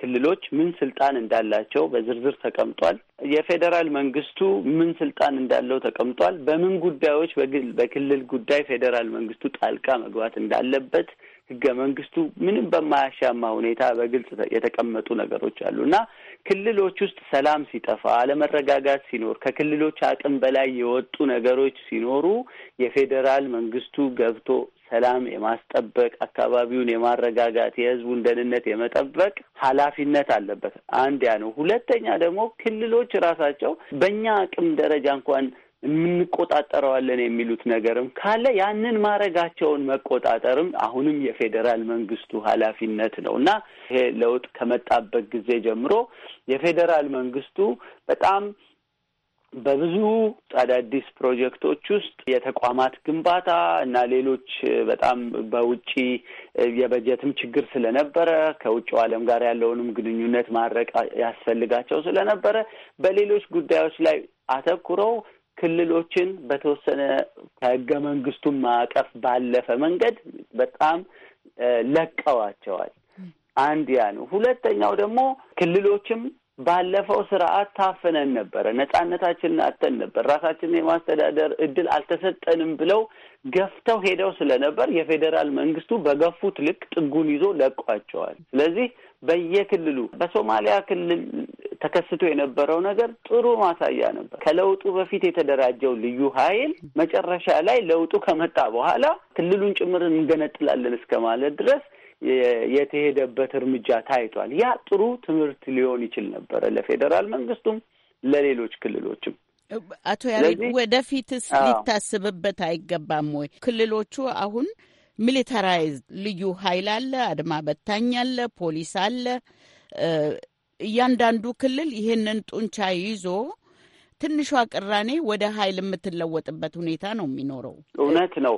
ክልሎች ምን ስልጣን እንዳላቸው በዝርዝር ተቀምጧል። የፌዴራል መንግስቱ ምን ስልጣን እንዳለው ተቀምጧል። በምን ጉዳዮች በክልል ጉዳይ ፌዴራል መንግስቱ ጣልቃ መግባት እንዳለበት ህገ መንግስቱ ምንም በማያሻማ ሁኔታ በግልጽ የተቀመጡ ነገሮች አሉ እና ክልሎች ውስጥ ሰላም ሲጠፋ፣ አለመረጋጋት ሲኖር፣ ከክልሎች አቅም በላይ የወጡ ነገሮች ሲኖሩ የፌዴራል መንግስቱ ገብቶ ሰላም የማስጠበቅ አካባቢውን የማረጋጋት የህዝቡን ደህንነት የመጠበቅ ኃላፊነት አለበት። አንድ ያ ነው። ሁለተኛ ደግሞ ክልሎች ራሳቸው በእኛ አቅም ደረጃ እንኳን የምንቆጣጠረዋለን የሚሉት ነገርም ካለ ያንን ማድረጋቸውን መቆጣጠርም አሁንም የፌዴራል መንግስቱ ኃላፊነት ነው እና ይሄ ለውጥ ከመጣበት ጊዜ ጀምሮ የፌዴራል መንግስቱ በጣም በብዙ አዳዲስ ፕሮጀክቶች ውስጥ የተቋማት ግንባታ እና ሌሎች በጣም በውጪ የበጀትም ችግር ስለነበረ ከውጭው ዓለም ጋር ያለውንም ግንኙነት ማድረግ ያስፈልጋቸው ስለነበረ በሌሎች ጉዳዮች ላይ አተኩረው ክልሎችን በተወሰነ ከህገ መንግስቱን ማዕቀፍ ባለፈ መንገድ በጣም ለቀዋቸዋል። አንድ ያ ነው። ሁለተኛው ደግሞ ክልሎችም ባለፈው ስርዓት ታፍነን ነበረ። ነጻነታችንን አተን ነበር። ራሳችንን የማስተዳደር እድል አልተሰጠንም ብለው ገፍተው ሄደው ስለነበር የፌዴራል መንግስቱ በገፉት ልክ ጥጉን ይዞ ለቋቸዋል። ስለዚህ በየክልሉ በሶማሊያ ክልል ተከስቶ የነበረው ነገር ጥሩ ማሳያ ነበር። ከለውጡ በፊት የተደራጀው ልዩ ኃይል መጨረሻ ላይ ለውጡ ከመጣ በኋላ ክልሉን ጭምር እንገነጥላለን እስከ ማለት ድረስ የተሄደበት እርምጃ ታይቷል። ያ ጥሩ ትምህርት ሊሆን ይችል ነበረ ለፌዴራል መንግስቱም ለሌሎች ክልሎችም። አቶ ያሬድ ወደፊትስ ሊታስብበት አይገባም ወይ? ክልሎቹ አሁን ሚሊታራይዝ ልዩ ኃይል አለ፣ አድማ በታኝ አለ፣ ፖሊስ አለ። እያንዳንዱ ክልል ይህንን ጡንቻ ይዞ ትንሿ ቅራኔ ወደ ኃይል የምትለወጥበት ሁኔታ ነው የሚኖረው። እውነት ነው።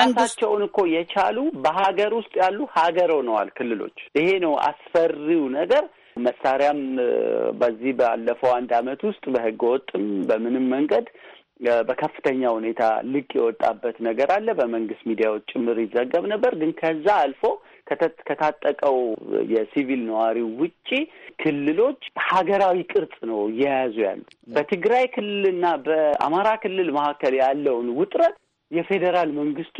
ራሳቸውን እኮ የቻሉ በሀገር ውስጥ ያሉ ሀገር ሆነዋል ክልሎች። ይሄ ነው አስፈሪው ነገር። መሳሪያም በዚህ ባለፈው አንድ አመት ውስጥ በህገ ወጥም በምንም መንገድ በከፍተኛ ሁኔታ ልቅ የወጣበት ነገር አለ። በመንግስት ሚዲያዎች ጭምር ይዘገብ ነበር። ግን ከዛ አልፎ ከታጠቀው የሲቪል ነዋሪው ውጪ ክልሎች ሀገራዊ ቅርጽ ነው እየያዙ ያሉ። በትግራይ ክልልና በአማራ ክልል መካከል ያለውን ውጥረት የፌዴራል መንግስቱ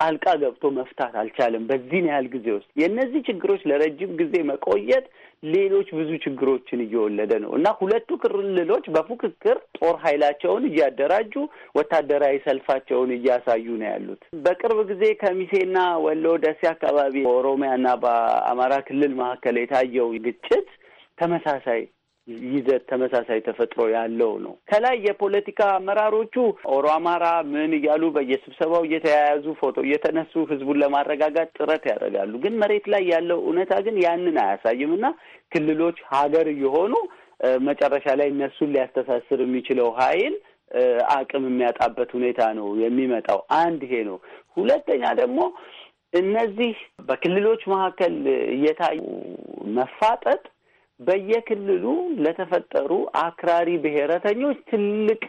ጣልቃ ገብቶ መፍታት አልቻለም። በዚህን ያህል ጊዜ ውስጥ የእነዚህ ችግሮች ለረጅም ጊዜ መቆየት ሌሎች ብዙ ችግሮችን እየወለደ ነው እና ሁለቱ ክልሎች በፉክክር ጦር ኃይላቸውን እያደራጁ ወታደራዊ ሰልፋቸውን እያሳዩ ነው ያሉት። በቅርብ ጊዜ ከሚሴና ወሎ፣ ደሴ አካባቢ በኦሮሚያና በአማራ ክልል መካከል የታየው ግጭት ተመሳሳይ ይዘት ተመሳሳይ ተፈጥሮ ያለው ነው። ከላይ የፖለቲካ አመራሮቹ ኦሮ አማራ ምን እያሉ በየስብሰባው እየተያያዙ ፎቶ እየተነሱ ህዝቡን ለማረጋጋት ጥረት ያደርጋሉ። ግን መሬት ላይ ያለው እውነታ ግን ያንን አያሳይም እና ክልሎች ሀገር እየሆኑ መጨረሻ ላይ እነሱን ሊያስተሳስር የሚችለው ኃይል አቅም የሚያጣበት ሁኔታ ነው የሚመጣው። አንድ ይሄ ነው። ሁለተኛ ደግሞ እነዚህ በክልሎች መካከል እየታዩ መፋጠጥ በየክልሉ ለተፈጠሩ አክራሪ ብሔረተኞች ትልቅ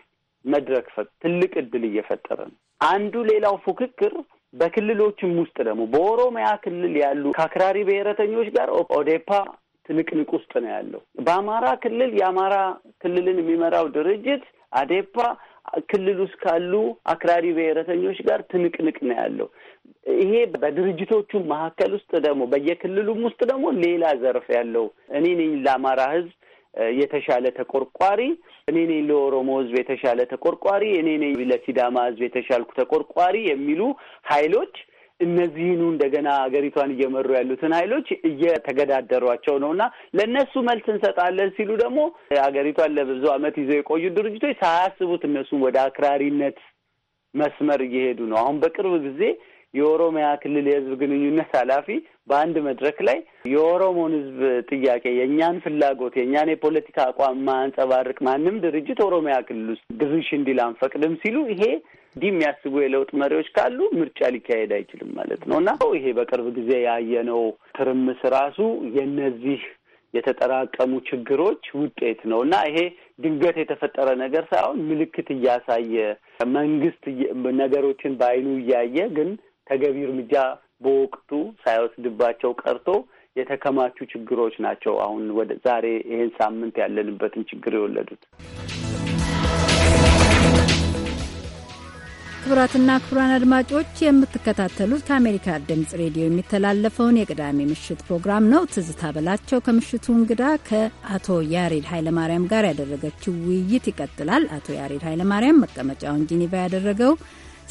መድረክ ትልቅ እድል እየፈጠረ ነው። አንዱ ሌላው ፉክክር በክልሎችም ውስጥ ደግሞ በኦሮሚያ ክልል ያሉ ከአክራሪ ብሔረተኞች ጋር ኦዴፓ ትንቅንቅ ውስጥ ነው ያለው። በአማራ ክልል የአማራ ክልልን የሚመራው ድርጅት አዴፓ ክልል ውስጥ ካሉ አክራሪ ብሔረተኞች ጋር ትንቅንቅ ነው ያለው። ይሄ በድርጅቶቹ መካከል ውስጥ ደግሞ በየክልሉም ውስጥ ደግሞ ሌላ ዘርፍ ያለው እኔ ነኝ ለአማራ ህዝብ የተሻለ ተቆርቋሪ፣ እኔ ነኝ ለኦሮሞ ህዝብ የተሻለ ተቆርቋሪ፣ እኔ ነኝ ለሲዳማ ህዝብ የተሻልኩ ተቆርቋሪ የሚሉ ኃይሎች እነዚህኑ እንደገና ሀገሪቷን እየመሩ ያሉትን ኃይሎች እየተገዳደሯቸው ነው እና ለእነሱ መልስ እንሰጣለን ሲሉ ደግሞ ሀገሪቷን ለብዙ ዓመት ይዘው የቆዩ ድርጅቶች ሳያስቡት እነሱን ወደ አክራሪነት መስመር እየሄዱ ነው። አሁን በቅርብ ጊዜ የኦሮሚያ ክልል የህዝብ ግንኙነት ኃላፊ በአንድ መድረክ ላይ የኦሮሞን ህዝብ ጥያቄ የእኛን ፍላጎት የእኛን የፖለቲካ አቋም ማንጸባርቅ ማንም ድርጅት ኦሮሚያ ክልል ውስጥ ግዝሽ እንዲል አንፈቅድም ሲሉ ይሄ እንዲህ የሚያስቡ የለውጥ መሪዎች ካሉ ምርጫ ሊካሄድ አይችልም ማለት ነው እና ይሄ በቅርብ ጊዜ ያየነው ትርምስ ራሱ የነዚህ የተጠራቀሙ ችግሮች ውጤት ነው እና ይሄ ድንገት የተፈጠረ ነገር ሳይሆን ምልክት እያሳየ መንግስት ነገሮችን በአይኑ እያየ ግን ተገቢ እርምጃ በወቅቱ ሳይወስድባቸው ቀርቶ የተከማቹ ችግሮች ናቸው። አሁን ወደ ዛሬ ይህን ሳምንት ያለንበትን ችግር የወለዱት። ክቡራትና ክቡራን አድማጮች የምትከታተሉት ከአሜሪካ ድምፅ ሬዲዮ የሚተላለፈውን የቅዳሜ ምሽት ፕሮግራም ነው። ትዝታ በላቸው ከምሽቱ እንግዳ ከአቶ ያሬድ ኃይለማርያም ጋር ያደረገችው ውይይት ይቀጥላል። አቶ ያሬድ ኃይለማርያም መቀመጫውን ጂኒቫ ያደረገው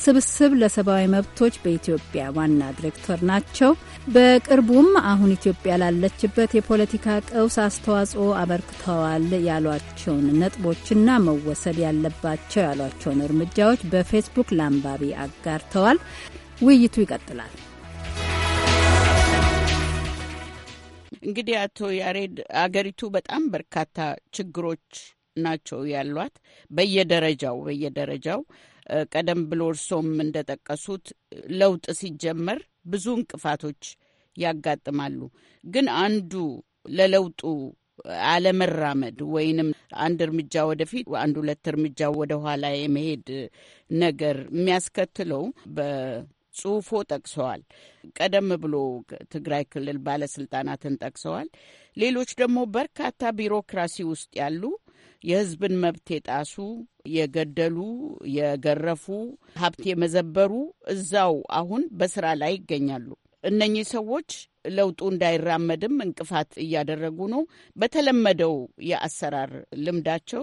ስብስብ ለሰብአዊ መብቶች በኢትዮጵያ ዋና ዲሬክተር ናቸው። በቅርቡም አሁን ኢትዮጵያ ላለችበት የፖለቲካ ቀውስ አስተዋጽኦ አበርክተዋል ያሏቸውን ነጥቦችና መወሰድ ያለባቸው ያሏቸውን እርምጃዎች በፌስቡክ ለአንባቢ አጋርተዋል። ውይይቱ ይቀጥላል። እንግዲህ አቶ ያሬድ አገሪቱ በጣም በርካታ ችግሮች ናቸው ያሏት በየደረጃው በየደረጃው ቀደም ብሎ እርሶም እንደጠቀሱት ለውጥ ሲጀመር ብዙ እንቅፋቶች ያጋጥማሉ። ግን አንዱ ለለውጡ አለመራመድ ወይንም አንድ እርምጃ ወደፊት አንድ ሁለት እርምጃ ወደኋላ የመሄድ ነገር የሚያስከትለው በጽሁፎ ጠቅሰዋል። ቀደም ብሎ ትግራይ ክልል ባለስልጣናትን ጠቅሰዋል። ሌሎች ደግሞ በርካታ ቢሮክራሲ ውስጥ ያሉ የህዝብን መብት የጣሱ የገደሉ፣ የገረፉ፣ ሀብት የመዘበሩ እዛው አሁን በስራ ላይ ይገኛሉ። እነኚህ ሰዎች ለውጡ እንዳይራመድም እንቅፋት እያደረጉ ነው። በተለመደው የአሰራር ልምዳቸው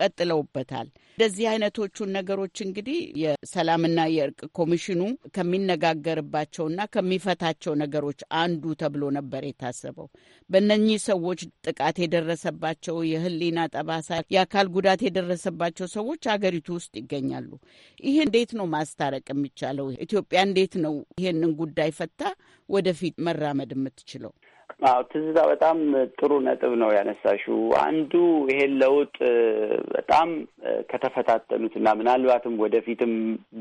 ቀጥለውበታል። እንደዚህ አይነቶቹን ነገሮች እንግዲህ የሰላምና የእርቅ ኮሚሽኑ ከሚነጋገርባቸውና ከሚፈታቸው ነገሮች አንዱ ተብሎ ነበር የታሰበው። በእነኚህ ሰዎች ጥቃት የደረሰባቸው የህሊና ጠባሳ፣ የአካል ጉዳት የደረሰባቸው ሰዎች አገሪቱ ውስጥ ይገኛሉ። ይህ እንዴት ነው ማስታረቅ የሚቻለው? ኢትዮጵያ እንዴት ነው ይህንን ጉዳይ ፈታ ወደፊት መራመድ የምትችለው? አዎ ትዝታ በጣም ጥሩ ነጥብ ነው ያነሳሽው። አንዱ ይሄን ለውጥ በጣም ከተፈታተኑት እና ምናልባትም ወደፊትም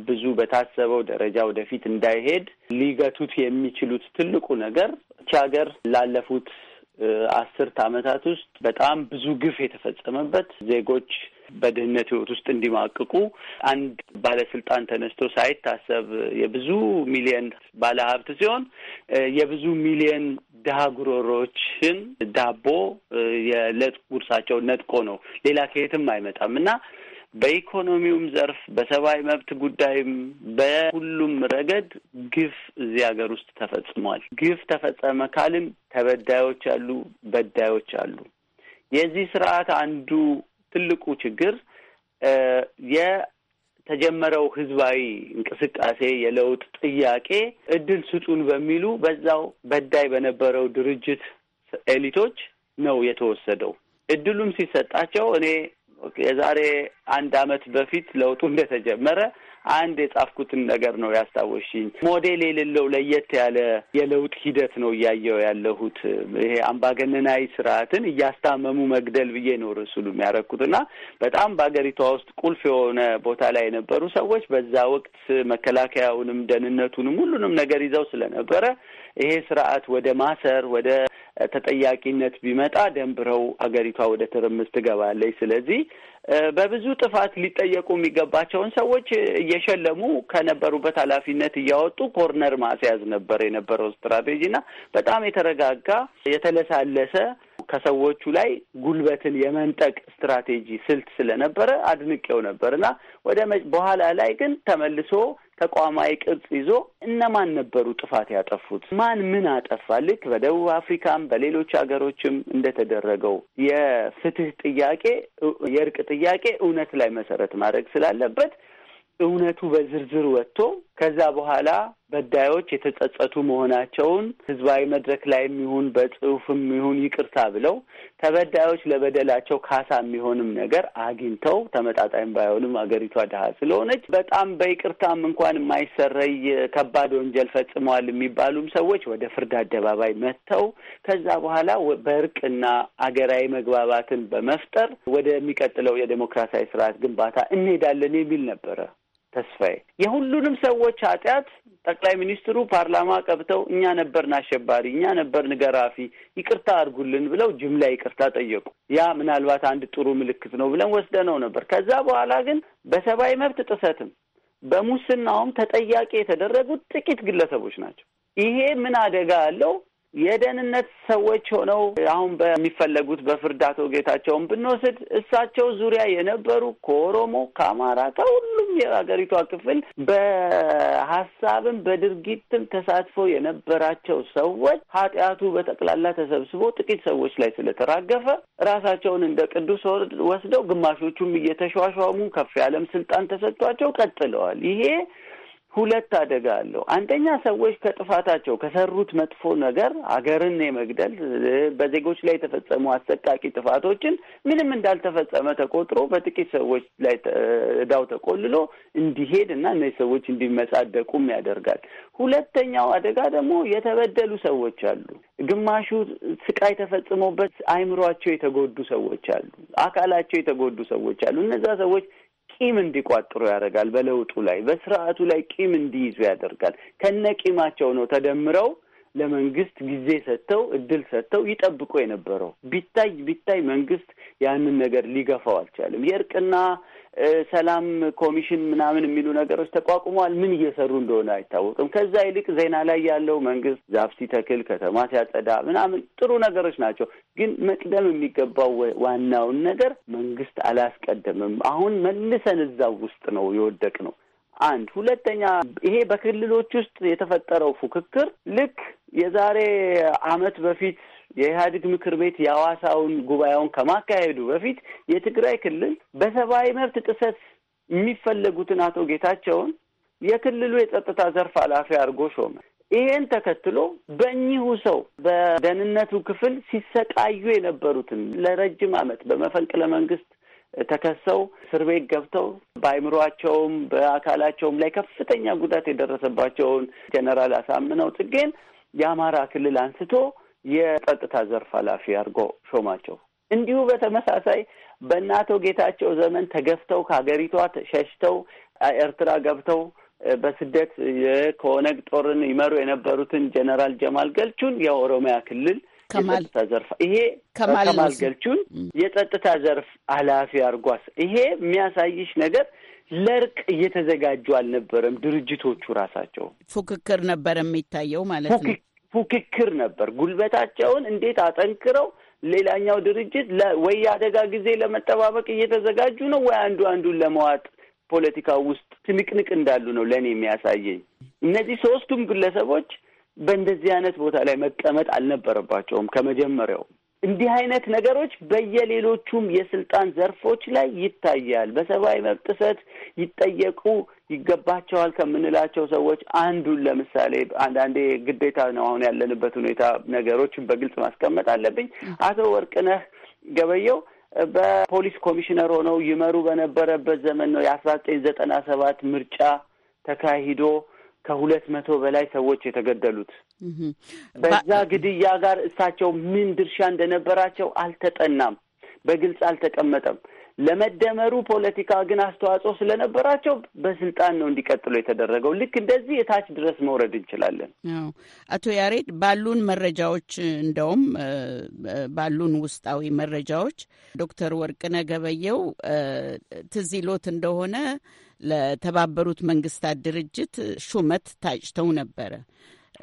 ብዙ በታሰበው ደረጃ ወደፊት እንዳይሄድ ሊገቱት የሚችሉት ትልቁ ነገር እቺ ሀገር ላለፉት አስርት ዓመታት ውስጥ በጣም ብዙ ግፍ የተፈጸመበት ዜጎች በድህነት ህይወት ውስጥ እንዲማቅቁ አንድ ባለስልጣን ተነስቶ ሳይታሰብ የብዙ ሚሊየን ባለሀብት ሲሆን የብዙ ሚሊየን ድሀ ጉሮሮችን ዳቦ የዕለት ጉርሳቸውን ነጥቆ ነው። ሌላ ከየትም አይመጣም እና በኢኮኖሚውም ዘርፍ በሰብአዊ መብት ጉዳይም በሁሉም ረገድ ግፍ እዚህ ሀገር ውስጥ ተፈጽሟል። ግፍ ተፈጸመ ካልን ተበዳዮች አሉ፣ በዳዮች አሉ። የዚህ ስርዓት አንዱ ትልቁ ችግር የተጀመረው ህዝባዊ እንቅስቃሴ የለውጥ ጥያቄ እድል ስጡን በሚሉ በዛው በዳይ በነበረው ድርጅት ኤሊቶች ነው የተወሰደው። እድሉም ሲሰጣቸው እኔ የዛሬ አንድ አመት በፊት ለውጡ እንደተጀመረ አንድ የጻፍኩትን ነገር ነው ያስታወሽኝ። ሞዴል የሌለው ለየት ያለ የለውጥ ሂደት ነው እያየው ያለሁት። ይሄ አምባገነናዊ ስርዓትን እያስታመሙ መግደል ብዬ ነው ርሱሉ የሚያረኩት እና በጣም በሀገሪቷ ውስጥ ቁልፍ የሆነ ቦታ ላይ የነበሩ ሰዎች በዛ ወቅት መከላከያውንም፣ ደህንነቱንም ሁሉንም ነገር ይዘው ስለነበረ ይሄ ስርዓት ወደ ማሰር ወደ ተጠያቂነት ቢመጣ ደንብረው ሀገሪቷ ወደ ትርምስ ትገባለች። ስለዚህ በብዙ ጥፋት ሊጠየቁ የሚገባቸውን ሰዎች እየሸለሙ ከነበሩበት ኃላፊነት እያወጡ ኮርነር ማስያዝ ነበር የነበረው ስትራቴጂ እና በጣም የተረጋጋ የተለሳለሰ ከሰዎቹ ላይ ጉልበትን የመንጠቅ ስትራቴጂ ስልት ስለነበረ አድንቄው ነበር እና ወደ በኋላ ላይ ግን ተመልሶ ተቋማዊ ቅርጽ ይዞ እነማን ነበሩ ጥፋት ያጠፉት? ማን ምን አጠፋ? ልክ በደቡብ አፍሪካም በሌሎች ሀገሮችም እንደተደረገው የፍትህ ጥያቄ የእርቅ ጥያቄ እውነት ላይ መሰረት ማድረግ ስላለበት እውነቱ በዝርዝር ወጥቶ ከዛ በኋላ በዳዮች የተጸጸቱ መሆናቸውን ህዝባዊ መድረክ ላይ የሚሆን በጽሁፍም ይሁን ይቅርታ ብለው ተበዳዮች ለበደላቸው ካሳ የሚሆንም ነገር አግኝተው ተመጣጣኝ ባይሆንም አገሪቷ ድሀ ስለሆነች በጣም በይቅርታም እንኳን የማይሰረይ ከባድ ወንጀል ፈጽመዋል የሚባሉም ሰዎች ወደ ፍርድ አደባባይ መጥተው ከዛ በኋላ በእርቅና አገራዊ መግባባትን በመፍጠር ወደሚቀጥለው የዴሞክራሲያዊ ስርዓት ግንባታ እንሄዳለን የሚል ነበረ ተስፋዬ የሁሉንም ሰዎች ኃጢአት ጠቅላይ ሚኒስትሩ ፓርላማ ቀብተው እኛ ነበርን አሸባሪ፣ እኛ ነበርን ገራፊ፣ ይቅርታ አድርጉልን ብለው ጅምላ ይቅርታ ጠየቁ። ያ ምናልባት አንድ ጥሩ ምልክት ነው ብለን ወስደነው ነበር። ከዛ በኋላ ግን በሰብአዊ መብት ጥሰትም በሙስናውም ተጠያቂ የተደረጉት ጥቂት ግለሰቦች ናቸው። ይሄ ምን አደጋ አለው? የደህንነት ሰዎች ሆነው አሁን በሚፈለጉት በፍርድ አቶ ጌታቸውን ብንወስድ እሳቸው ዙሪያ የነበሩ ከኦሮሞ፣ ከአማራ፣ ከሁሉም የሀገሪቷ ክፍል በሀሳብም በድርጊትም ተሳትፎ የነበራቸው ሰዎች ኃጢአቱ በጠቅላላ ተሰብስቦ ጥቂት ሰዎች ላይ ስለተራገፈ ራሳቸውን እንደ ቅዱስ ወስደው ግማሾቹም እየተሿሿሙ ከፍ ያለም ስልጣን ተሰጥቷቸው ቀጥለዋል። ይሄ ሁለት አደጋ አለው። አንደኛ ሰዎች ከጥፋታቸው ከሰሩት መጥፎ ነገር አገርን የመግደል በዜጎች ላይ የተፈጸሙ አሰቃቂ ጥፋቶችን ምንም እንዳልተፈጸመ ተቆጥሮ በጥቂት ሰዎች ላይ እዳው ተቆልሎ እንዲሄድ እና እነዚህ ሰዎች እንዲመጻደቁም ያደርጋል። ሁለተኛው አደጋ ደግሞ የተበደሉ ሰዎች አሉ። ግማሹ ስቃይ ተፈጽሞበት አይምሯቸው የተጎዱ ሰዎች አሉ። አካላቸው የተጎዱ ሰዎች አሉ። እነዛ ሰዎች ቂም እንዲቋጥሩ ያደርጋል። በለውጡ ላይ በስርዓቱ ላይ ቂም እንዲይዙ ያደርጋል። ከነ ቂማቸው ነው ተደምረው ለመንግስት ጊዜ ሰጥተው እድል ሰጥተው ይጠብቁ የነበረው ቢታይ ቢታይ መንግስት ያንን ነገር ሊገፋው አልቻለም። የእርቅና ሰላም ኮሚሽን ምናምን የሚሉ ነገሮች ተቋቁመዋል። ምን እየሰሩ እንደሆነ አይታወቅም። ከዛ ይልቅ ዜና ላይ ያለው መንግስት ዛፍ ሲተክል፣ ከተማ ሲያጸዳ ምናምን ጥሩ ነገሮች ናቸው። ግን መቅደም የሚገባው ዋናውን ነገር መንግስት አላስቀደምም። አሁን መልሰን እዛው ውስጥ ነው የወደቅ ነው አንድ ሁለተኛ፣ ይሄ በክልሎች ውስጥ የተፈጠረው ፉክክር ልክ የዛሬ አመት በፊት የኢህአዴግ ምክር ቤት የአዋሳውን ጉባኤውን ከማካሄዱ በፊት የትግራይ ክልል በሰብአዊ መብት ጥሰት የሚፈለጉትን አቶ ጌታቸውን የክልሉ የጸጥታ ዘርፍ ኃላፊ አድርጎ ሾመ። ይሄን ተከትሎ በእኚሁ ሰው በደህንነቱ ክፍል ሲሰቃዩ የነበሩትን ለረጅም አመት በመፈንቅለ መንግስት ተከሰው እስር ቤት ገብተው በአይምሯቸውም በአካላቸውም ላይ ከፍተኛ ጉዳት የደረሰባቸውን ጀነራል አሳምነው ጽጌን የአማራ ክልል አንስቶ የጸጥታ ዘርፍ ኃላፊ አድርጎ ሾማቸው። እንዲሁ በተመሳሳይ በእነ አቶ ጌታቸው ዘመን ተገፍተው ከሀገሪቷ ሸሽተው ኤርትራ ገብተው በስደት ከኦነግ ጦርን ይመሩ የነበሩትን ጀነራል ጀማል ገልቹን የኦሮሚያ ክልል ከማል ዘርፍ ይሄ ከማል ገልቹን የጸጥታ ዘርፍ ኃላፊ አርጓስ ይሄ የሚያሳይሽ ነገር ለእርቅ እየተዘጋጁ አልነበረም። ድርጅቶቹ ራሳቸው ፉክክር ነበር የሚታየው ማለት ነው። ፉክክር ነበር። ጉልበታቸውን እንዴት አጠንክረው ሌላኛው ድርጅት ወይ የአደጋ ጊዜ ለመጠባበቅ እየተዘጋጁ ነው ወይ አንዱ አንዱን ለመዋጥ ፖለቲካ ውስጥ ትንቅንቅ እንዳሉ ነው ለእኔ የሚያሳየኝ። እነዚህ ሶስቱም ግለሰቦች በእንደዚህ አይነት ቦታ ላይ መቀመጥ አልነበረባቸውም ከመጀመሪያው። እንዲህ አይነት ነገሮች በየሌሎቹም የስልጣን ዘርፎች ላይ ይታያል። በሰብአዊ መብት ጥሰት ይጠየቁ ይገባቸዋል ከምንላቸው ሰዎች አንዱን ለምሳሌ አንዳንዴ ግዴታ ነው አሁን ያለንበት ሁኔታ ነገሮችን በግልጽ ማስቀመጥ አለብኝ። አቶ ወርቅነህ ገበየው በፖሊስ ኮሚሽነር ሆነው ይመሩ በነበረበት ዘመን ነው የአስራ ዘጠኝ ዘጠና ሰባት ምርጫ ተካሂዶ ከሁለት መቶ በላይ ሰዎች የተገደሉት በዛ ግድያ ጋር እሳቸው ምን ድርሻ እንደነበራቸው አልተጠናም፣ በግልጽ አልተቀመጠም። ለመደመሩ ፖለቲካ ግን አስተዋጽኦ ስለነበራቸው በስልጣን ነው እንዲቀጥሉ የተደረገው። ልክ እንደዚህ የታች ድረስ መውረድ እንችላለን። አቶ ያሬድ ባሉን መረጃዎች እንደውም ባሉን ውስጣዊ መረጃዎች ዶክተር ወርቅነህ ገበየው ትዝ ይሎት እንደሆነ ለተባበሩት መንግስታት ድርጅት ሹመት ታጭተው ነበረ።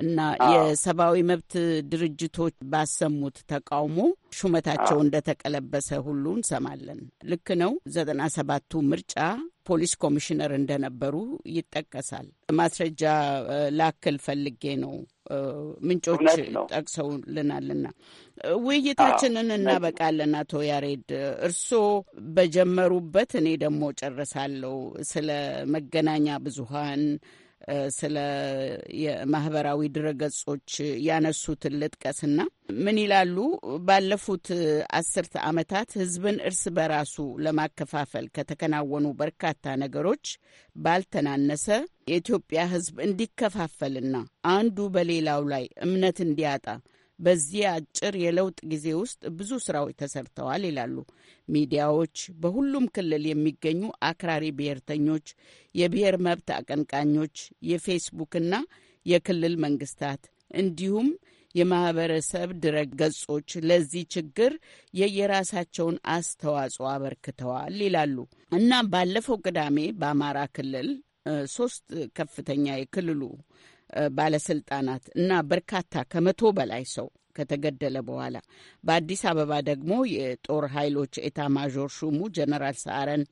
እና የሰብአዊ መብት ድርጅቶች ባሰሙት ተቃውሞ ሹመታቸው እንደተቀለበሰ ሁሉ እንሰማለን። ልክ ነው። ዘጠና ሰባቱ ምርጫ ፖሊስ ኮሚሽነር እንደነበሩ ይጠቀሳል። ማስረጃ ላክል ፈልጌ ነው ምንጮች ጠቅሰውልናልና ውይይታችንን እናበቃለን። አቶ ያሬድ እርስዎ በጀመሩበት እኔ ደግሞ ጨርሳለሁ። ስለ መገናኛ ብዙሃን ስለ የማህበራዊ ድረገጾች ያነሱትን ልጥቀስና ምን ይላሉ? ባለፉት አስርተ ዓመታት ህዝብን እርስ በራሱ ለማከፋፈል ከተከናወኑ በርካታ ነገሮች ባልተናነሰ የኢትዮጵያ ህዝብ እንዲከፋፈልና አንዱ በሌላው ላይ እምነት እንዲያጣ በዚህ አጭር የለውጥ ጊዜ ውስጥ ብዙ ስራዎች ተሰርተዋል ይላሉ። ሚዲያዎች፣ በሁሉም ክልል የሚገኙ አክራሪ ብሔርተኞች፣ የብሔር መብት አቀንቃኞች፣ የፌስቡክና የክልል መንግስታት እንዲሁም የማህበረሰብ ድረ ገጾች ለዚህ ችግር የየራሳቸውን አስተዋጽኦ አበርክተዋል ይላሉ እና ባለፈው ቅዳሜ በአማራ ክልል ሶስት ከፍተኛ የክልሉ ባለስልጣናት እና በርካታ ከመቶ በላይ ሰው ከተገደለ በኋላ በአዲስ አበባ ደግሞ የጦር ኃይሎች ኤታ ማዦር ሹሙ ጀነራል ሳረን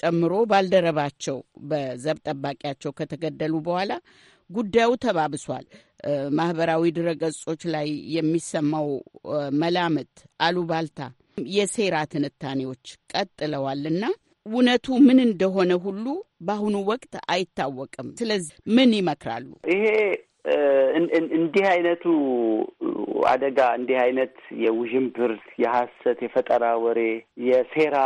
ጨምሮ ባልደረባቸው በዘብ ጠባቂያቸው ከተገደሉ በኋላ ጉዳዩ ተባብሷል። ማህበራዊ ድረገጾች ላይ የሚሰማው መላምት፣ አሉባልታ፣ የሴራ ትንታኔዎች ቀጥለዋልና እውነቱ ምን እንደሆነ ሁሉ በአሁኑ ወቅት አይታወቅም። ስለዚህ ምን ይመክራሉ? ይሄ እንዲህ አይነቱ አደጋ እንዲህ አይነት የውዥንብር፣ የሐሰት፣ የፈጠራ ወሬ፣ የሴራ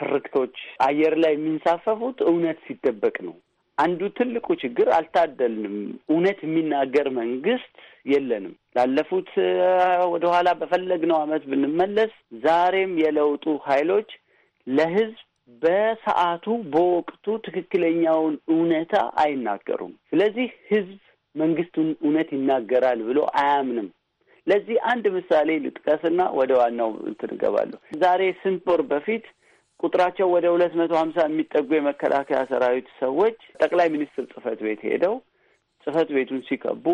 ትርክቶች አየር ላይ የሚንሳፈፉት እውነት ሲደበቅ ነው። አንዱ ትልቁ ችግር አልታደልንም። እውነት የሚናገር መንግስት የለንም። ላለፉት ወደኋላ በፈለግነው አመት ብንመለስ ዛሬም የለውጡ ኃይሎች ለህዝብ በሰዓቱ በወቅቱ ትክክለኛውን እውነታ አይናገሩም። ስለዚህ ህዝብ መንግስቱን እውነት ይናገራል ብሎ አያምንም። ለዚህ አንድ ምሳሌ ልጥቀስና ወደ ዋናው እንትን እገባለሁ። ዛሬ ስንት ወር በፊት ቁጥራቸው ወደ ሁለት መቶ ሀምሳ የሚጠጉ የመከላከያ ሰራዊት ሰዎች ጠቅላይ ሚኒስትር ጽህፈት ቤት ሄደው ጽህፈት ቤቱን ሲከቡ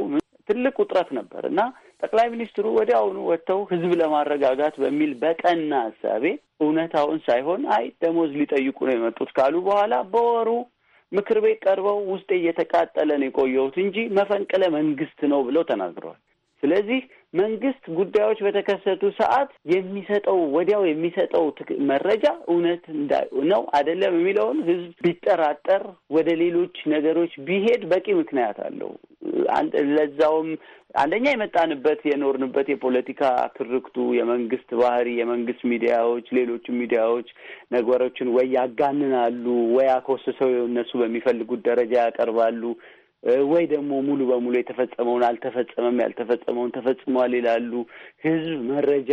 ትልቅ ውጥረት ነበር እና ጠቅላይ ሚኒስትሩ ወዲያውኑ ወጥተው ህዝብ ለማረጋጋት በሚል በቀና ሀሳቤ እውነታውን ሳይሆን አይ ደሞዝ ሊጠይቁ ነው የመጡት ካሉ በኋላ በወሩ ምክር ቤት ቀርበው ውስጤ እየተቃጠለ ነው የቆየሁት እንጂ መፈንቅለ መንግስት ነው ብለው ተናግረዋል። ስለዚህ መንግስት ጉዳዮች በተከሰቱ ሰዓት የሚሰጠው ወዲያው የሚሰጠው መረጃ እውነት ነው አይደለም የሚለውን ህዝብ ቢጠራጠር ወደ ሌሎች ነገሮች ቢሄድ በቂ ምክንያት አለው። ለዛውም አንደኛ የመጣንበት የኖርንበት የፖለቲካ ትርክቱ፣ የመንግስት ባህሪ፣ የመንግስት ሚዲያዎች፣ ሌሎች ሚዲያዎች ነገሮችን ወይ ያጋንናሉ ወይ አኮስሰው እነሱ በሚፈልጉት ደረጃ ያቀርባሉ ወይ ደግሞ ሙሉ በሙሉ የተፈጸመውን አልተፈጸመም፣ ያልተፈጸመውን ተፈጽመዋል ይላሉ። ህዝብ መረጃ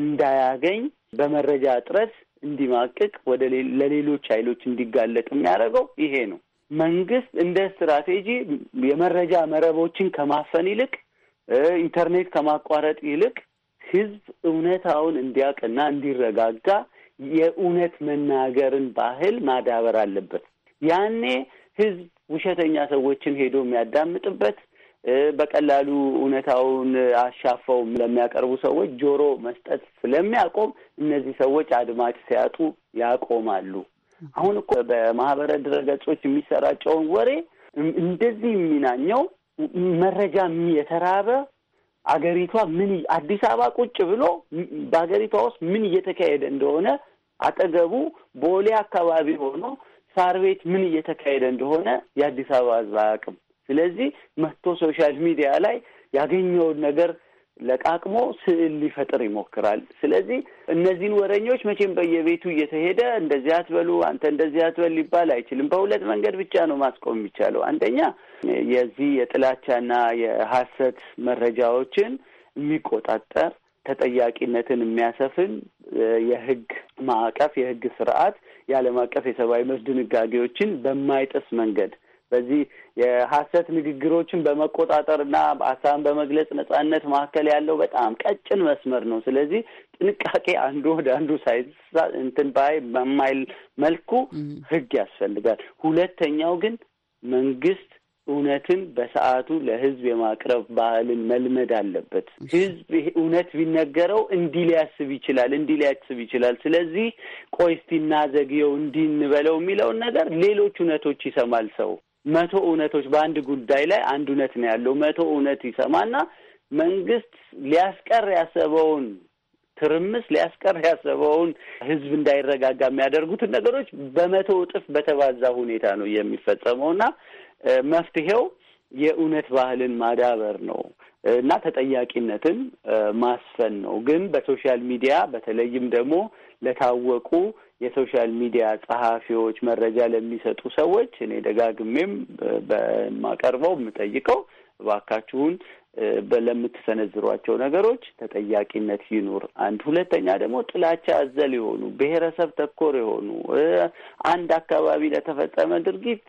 እንዳያገኝ በመረጃ እጥረት እንዲማቅቅ ወደ ለሌሎች ኃይሎች እንዲጋለጥ የሚያደርገው ይሄ ነው። መንግስት እንደ ስትራቴጂ የመረጃ መረቦችን ከማፈን ይልቅ ኢንተርኔት ከማቋረጥ ይልቅ ህዝብ እውነታውን እንዲያውቅና እንዲረጋጋ የእውነት መናገርን ባህል ማዳበር አለበት። ያኔ ህዝብ ውሸተኛ ሰዎችን ሄዶ የሚያዳምጥበት በቀላሉ እውነታውን አሻፈው ለሚያቀርቡ ሰዎች ጆሮ መስጠት ስለሚያቆም እነዚህ ሰዎች አድማጭ ሲያጡ ያቆማሉ። አሁን እኮ በማህበረ ድረገጾች የሚሰራጨውን ወሬ እንደዚህ የሚናኘው መረጃ የተራበ አገሪቷ ምን አዲስ አበባ ቁጭ ብሎ በአገሪቷ ውስጥ ምን እየተካሄደ እንደሆነ አጠገቡ ቦሌ አካባቢ ሆኖ ሳር ቤት ምን እየተካሄደ እንደሆነ የአዲስ አበባ ህዝብ አያውቅም። ስለዚህ መጥቶ ሶሻል ሚዲያ ላይ ያገኘውን ነገር ለቃቅሞ ስዕል ሊፈጥር ይሞክራል። ስለዚህ እነዚህን ወረኞች መቼም በየቤቱ እየተሄደ እንደዚህ አትበሉ፣ አንተ እንደዚህ አትበል ሊባል አይችልም። በሁለት መንገድ ብቻ ነው ማስቆም የሚቻለው። አንደኛ የዚህ የጥላቻና የሀሰት መረጃዎችን የሚቆጣጠር ተጠያቂነትን የሚያሰፍን የህግ ማዕቀፍ የህግ ስርዓት የዓለም አቀፍ የሰብአዊ መብት ድንጋጌዎችን በማይጥስ መንገድ በዚህ የሀሰት ንግግሮችን በመቆጣጠርና ሀሳብን በመግለጽ ነጻነት መካከል ያለው በጣም ቀጭን መስመር ነው። ስለዚህ ጥንቃቄ አንዱ ወደ አንዱ ሳይሳ እንትን ባይ በማይል መልኩ ህግ ያስፈልጋል። ሁለተኛው ግን መንግስት እውነትን በሰዓቱ ለህዝብ የማቅረብ ባህልን መልመድ አለበት። ህዝብ እውነት ቢነገረው እንዲህ ሊያስብ ይችላል፣ እንዲህ ሊያስብ ይችላል። ስለዚህ ቆይ እስቲ እናዘግየው፣ እንዲህ እንበለው የሚለውን ነገር ሌሎች እውነቶች ይሰማል ሰው መቶ እውነቶች በአንድ ጉዳይ ላይ አንድ እውነት ነው ያለው። መቶ እውነት ይሰማና መንግስት ሊያስቀር ያሰበውን ትርምስ ሊያስቀር ያሰበውን ህዝብ እንዳይረጋጋ የሚያደርጉትን ነገሮች በመቶ እጥፍ በተባዛ ሁኔታ ነው የሚፈጸመውና መፍትሄው የእውነት ባህልን ማዳበር ነው እና ተጠያቂነትን ማስፈን ነው። ግን በሶሻል ሚዲያ በተለይም ደግሞ ለታወቁ የሶሻል ሚዲያ ጸሐፊዎች፣ መረጃ ለሚሰጡ ሰዎች እኔ ደጋግሜም በማቀርበው የምጠይቀው እባካችሁን ለምትሰነዝሯቸው ነገሮች ተጠያቂነት ይኑር። አንድ ሁለተኛ ደግሞ ጥላቻ አዘል የሆኑ ብሔረሰብ ተኮር የሆኑ አንድ አካባቢ ለተፈጸመ ድርጊት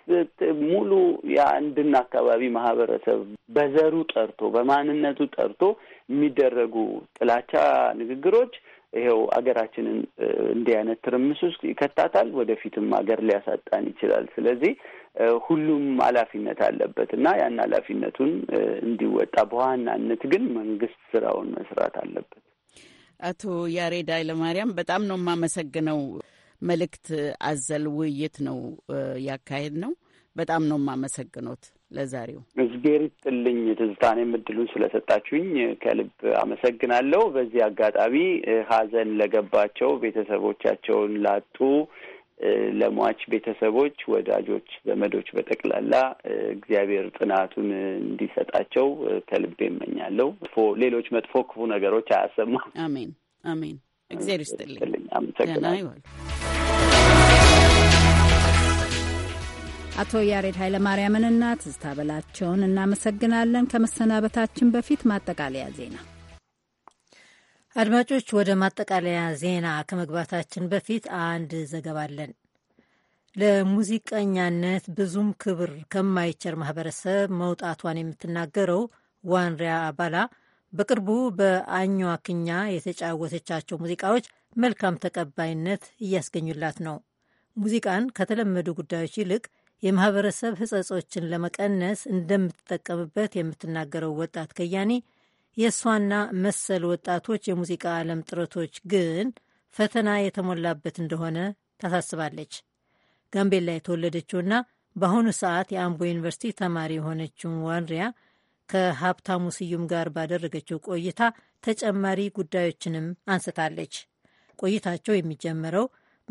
ሙሉ የአንድን አካባቢ ማህበረሰብ በዘሩ ጠርቶ በማንነቱ ጠርቶ የሚደረጉ ጥላቻ ንግግሮች ይኸው አገራችንን እንዲህ አይነት ትርምስ ውስጥ ይከታታል። ወደፊትም አገር ሊያሳጣን ይችላል። ስለዚህ ሁሉም ኃላፊነት አለበት እና ያን ኃላፊነቱን እንዲወጣ በዋናነት ግን መንግስት ስራውን መስራት አለበት። አቶ ያሬድ ኃይለማርያም በጣም ነው የማመሰግነው። መልእክት አዘል ውይይት ነው ያካሄድ ነው። በጣም ነው የማመሰግኖት። ለዛሬው እግዜር ይስጥልኝ ትዝታኔ እድሉን ስለሰጣችሁኝ ከልብ አመሰግናለሁ። በዚህ አጋጣሚ ሀዘን ለገባቸው ቤተሰቦቻቸውን ላጡ ለሟች ቤተሰቦች፣ ወዳጆች፣ ዘመዶች በጠቅላላ እግዚአብሔር ጽናቱን እንዲሰጣቸው ከልቤ ይመኛለሁ። መጥፎ ሌሎች መጥፎ ክፉ ነገሮች አያሰማም። አሜን አሜን። እግዚአብሔር ይስጥልኝ። አመሰግናለሁ። አቶ ያሬድ ኃይለማርያምንና ትዝታ በላቸውን እናመሰግናለን። ከመሰናበታችን በፊት ማጠቃለያ ዜና። አድማጮች፣ ወደ ማጠቃለያ ዜና ከመግባታችን በፊት አንድ ዘገባ አለን። ለሙዚቀኛነት ብዙም ክብር ከማይቸር ማህበረሰብ መውጣቷን የምትናገረው ዋንሪያ አባላ በቅርቡ በአኟክኛ የተጫወተቻቸው ሙዚቃዎች መልካም ተቀባይነት እያስገኙላት ነው። ሙዚቃን ከተለመዱ ጉዳዮች ይልቅ የማህበረሰብ ህጸጾችን ለመቀነስ እንደምትጠቀምበት የምትናገረው ወጣት ከያኔ የእሷና መሰል ወጣቶች የሙዚቃ ዓለም ጥረቶች ግን ፈተና የተሞላበት እንደሆነ ታሳስባለች። ጋምቤላ የተወለደችውና በአሁኑ ሰዓት የአምቦ ዩኒቨርሲቲ ተማሪ የሆነችው ዋንሪያ ከሀብታሙ ስዩም ጋር ባደረገችው ቆይታ ተጨማሪ ጉዳዮችንም አንስታለች። ቆይታቸው የሚጀመረው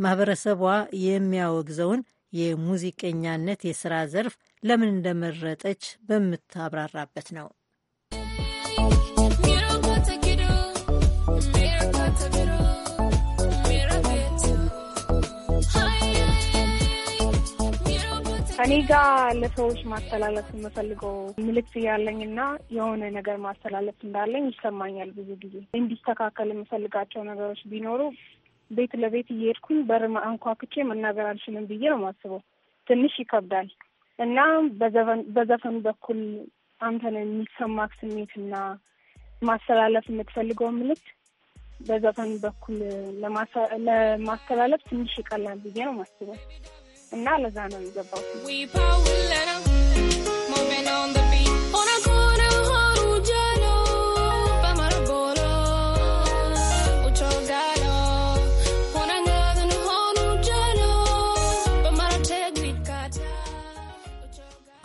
ማህበረሰቧ የሚያወግዘውን የሙዚቀኛነት የስራ ዘርፍ ለምን እንደመረጠች በምታብራራበት ነው። እኔ ጋር ለሰዎች ማስተላለፍ የምፈልገው ምልክት እያለኝ እና የሆነ ነገር ማስተላለፍ እንዳለኝ ይሰማኛል። ብዙ ጊዜ እንዲስተካከል የምፈልጋቸው ነገሮች ቢኖሩ ቤት ለቤት እየሄድኩኝ በር አንኳኩቼ መናገር አልችልም ብዬ ነው የማስበው። ትንሽ ይከብዳል እና በዘፈኑ በኩል አንተን የሚሰማክ ስሜትና ማስተላለፍ የምትፈልገው ምልክት በዘፈኑ በኩል ለማስተላለፍ ትንሽ ይቀላል ብዬ ነው የማስበው እና ለዛ ነው የገባው።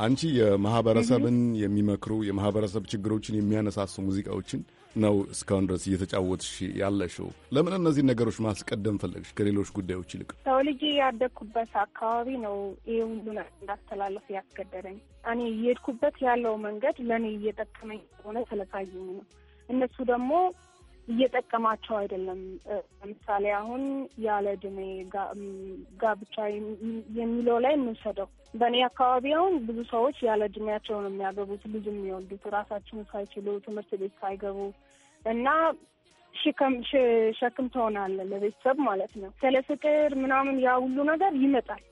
አንቺ የማህበረሰብን የሚመክሩ የማህበረሰብ ችግሮችን የሚያነሳሱ ሙዚቃዎችን ነው እስካሁን ድረስ እየተጫወትሽ ያለሽው። ለምን እነዚህን ነገሮች ማስቀደም ፈለግሽ ከሌሎች ጉዳዮች ይልቅ? ሰው ልጅ ያደግኩበት አካባቢ ነው ይህ ሁሉ እንዳስተላለፍ ያስገደረኝ። እኔ እየሄድኩበት ያለው መንገድ ለእኔ እየጠቀመኝ ሆነ ስለታየኝ ነው። እነሱ ደግሞ እየጠቀማቸው አይደለም። ለምሳሌ አሁን ያለ እድሜ ጋብቻ የሚለው ላይ የምንሰደው በእኔ አካባቢ አሁን ብዙ ሰዎች ያለ እድሜያቸው ነው የሚያገቡት ልጅ የሚወልዱት ራሳቸውን ሳይችሉ ትምህርት ቤት ሳይገቡ እና ሸክም ትሆናለህ ለቤተሰብ ማለት ነው። ስለ ፍቅር ምናምን ያ ሁሉ ነገር ይመጣል።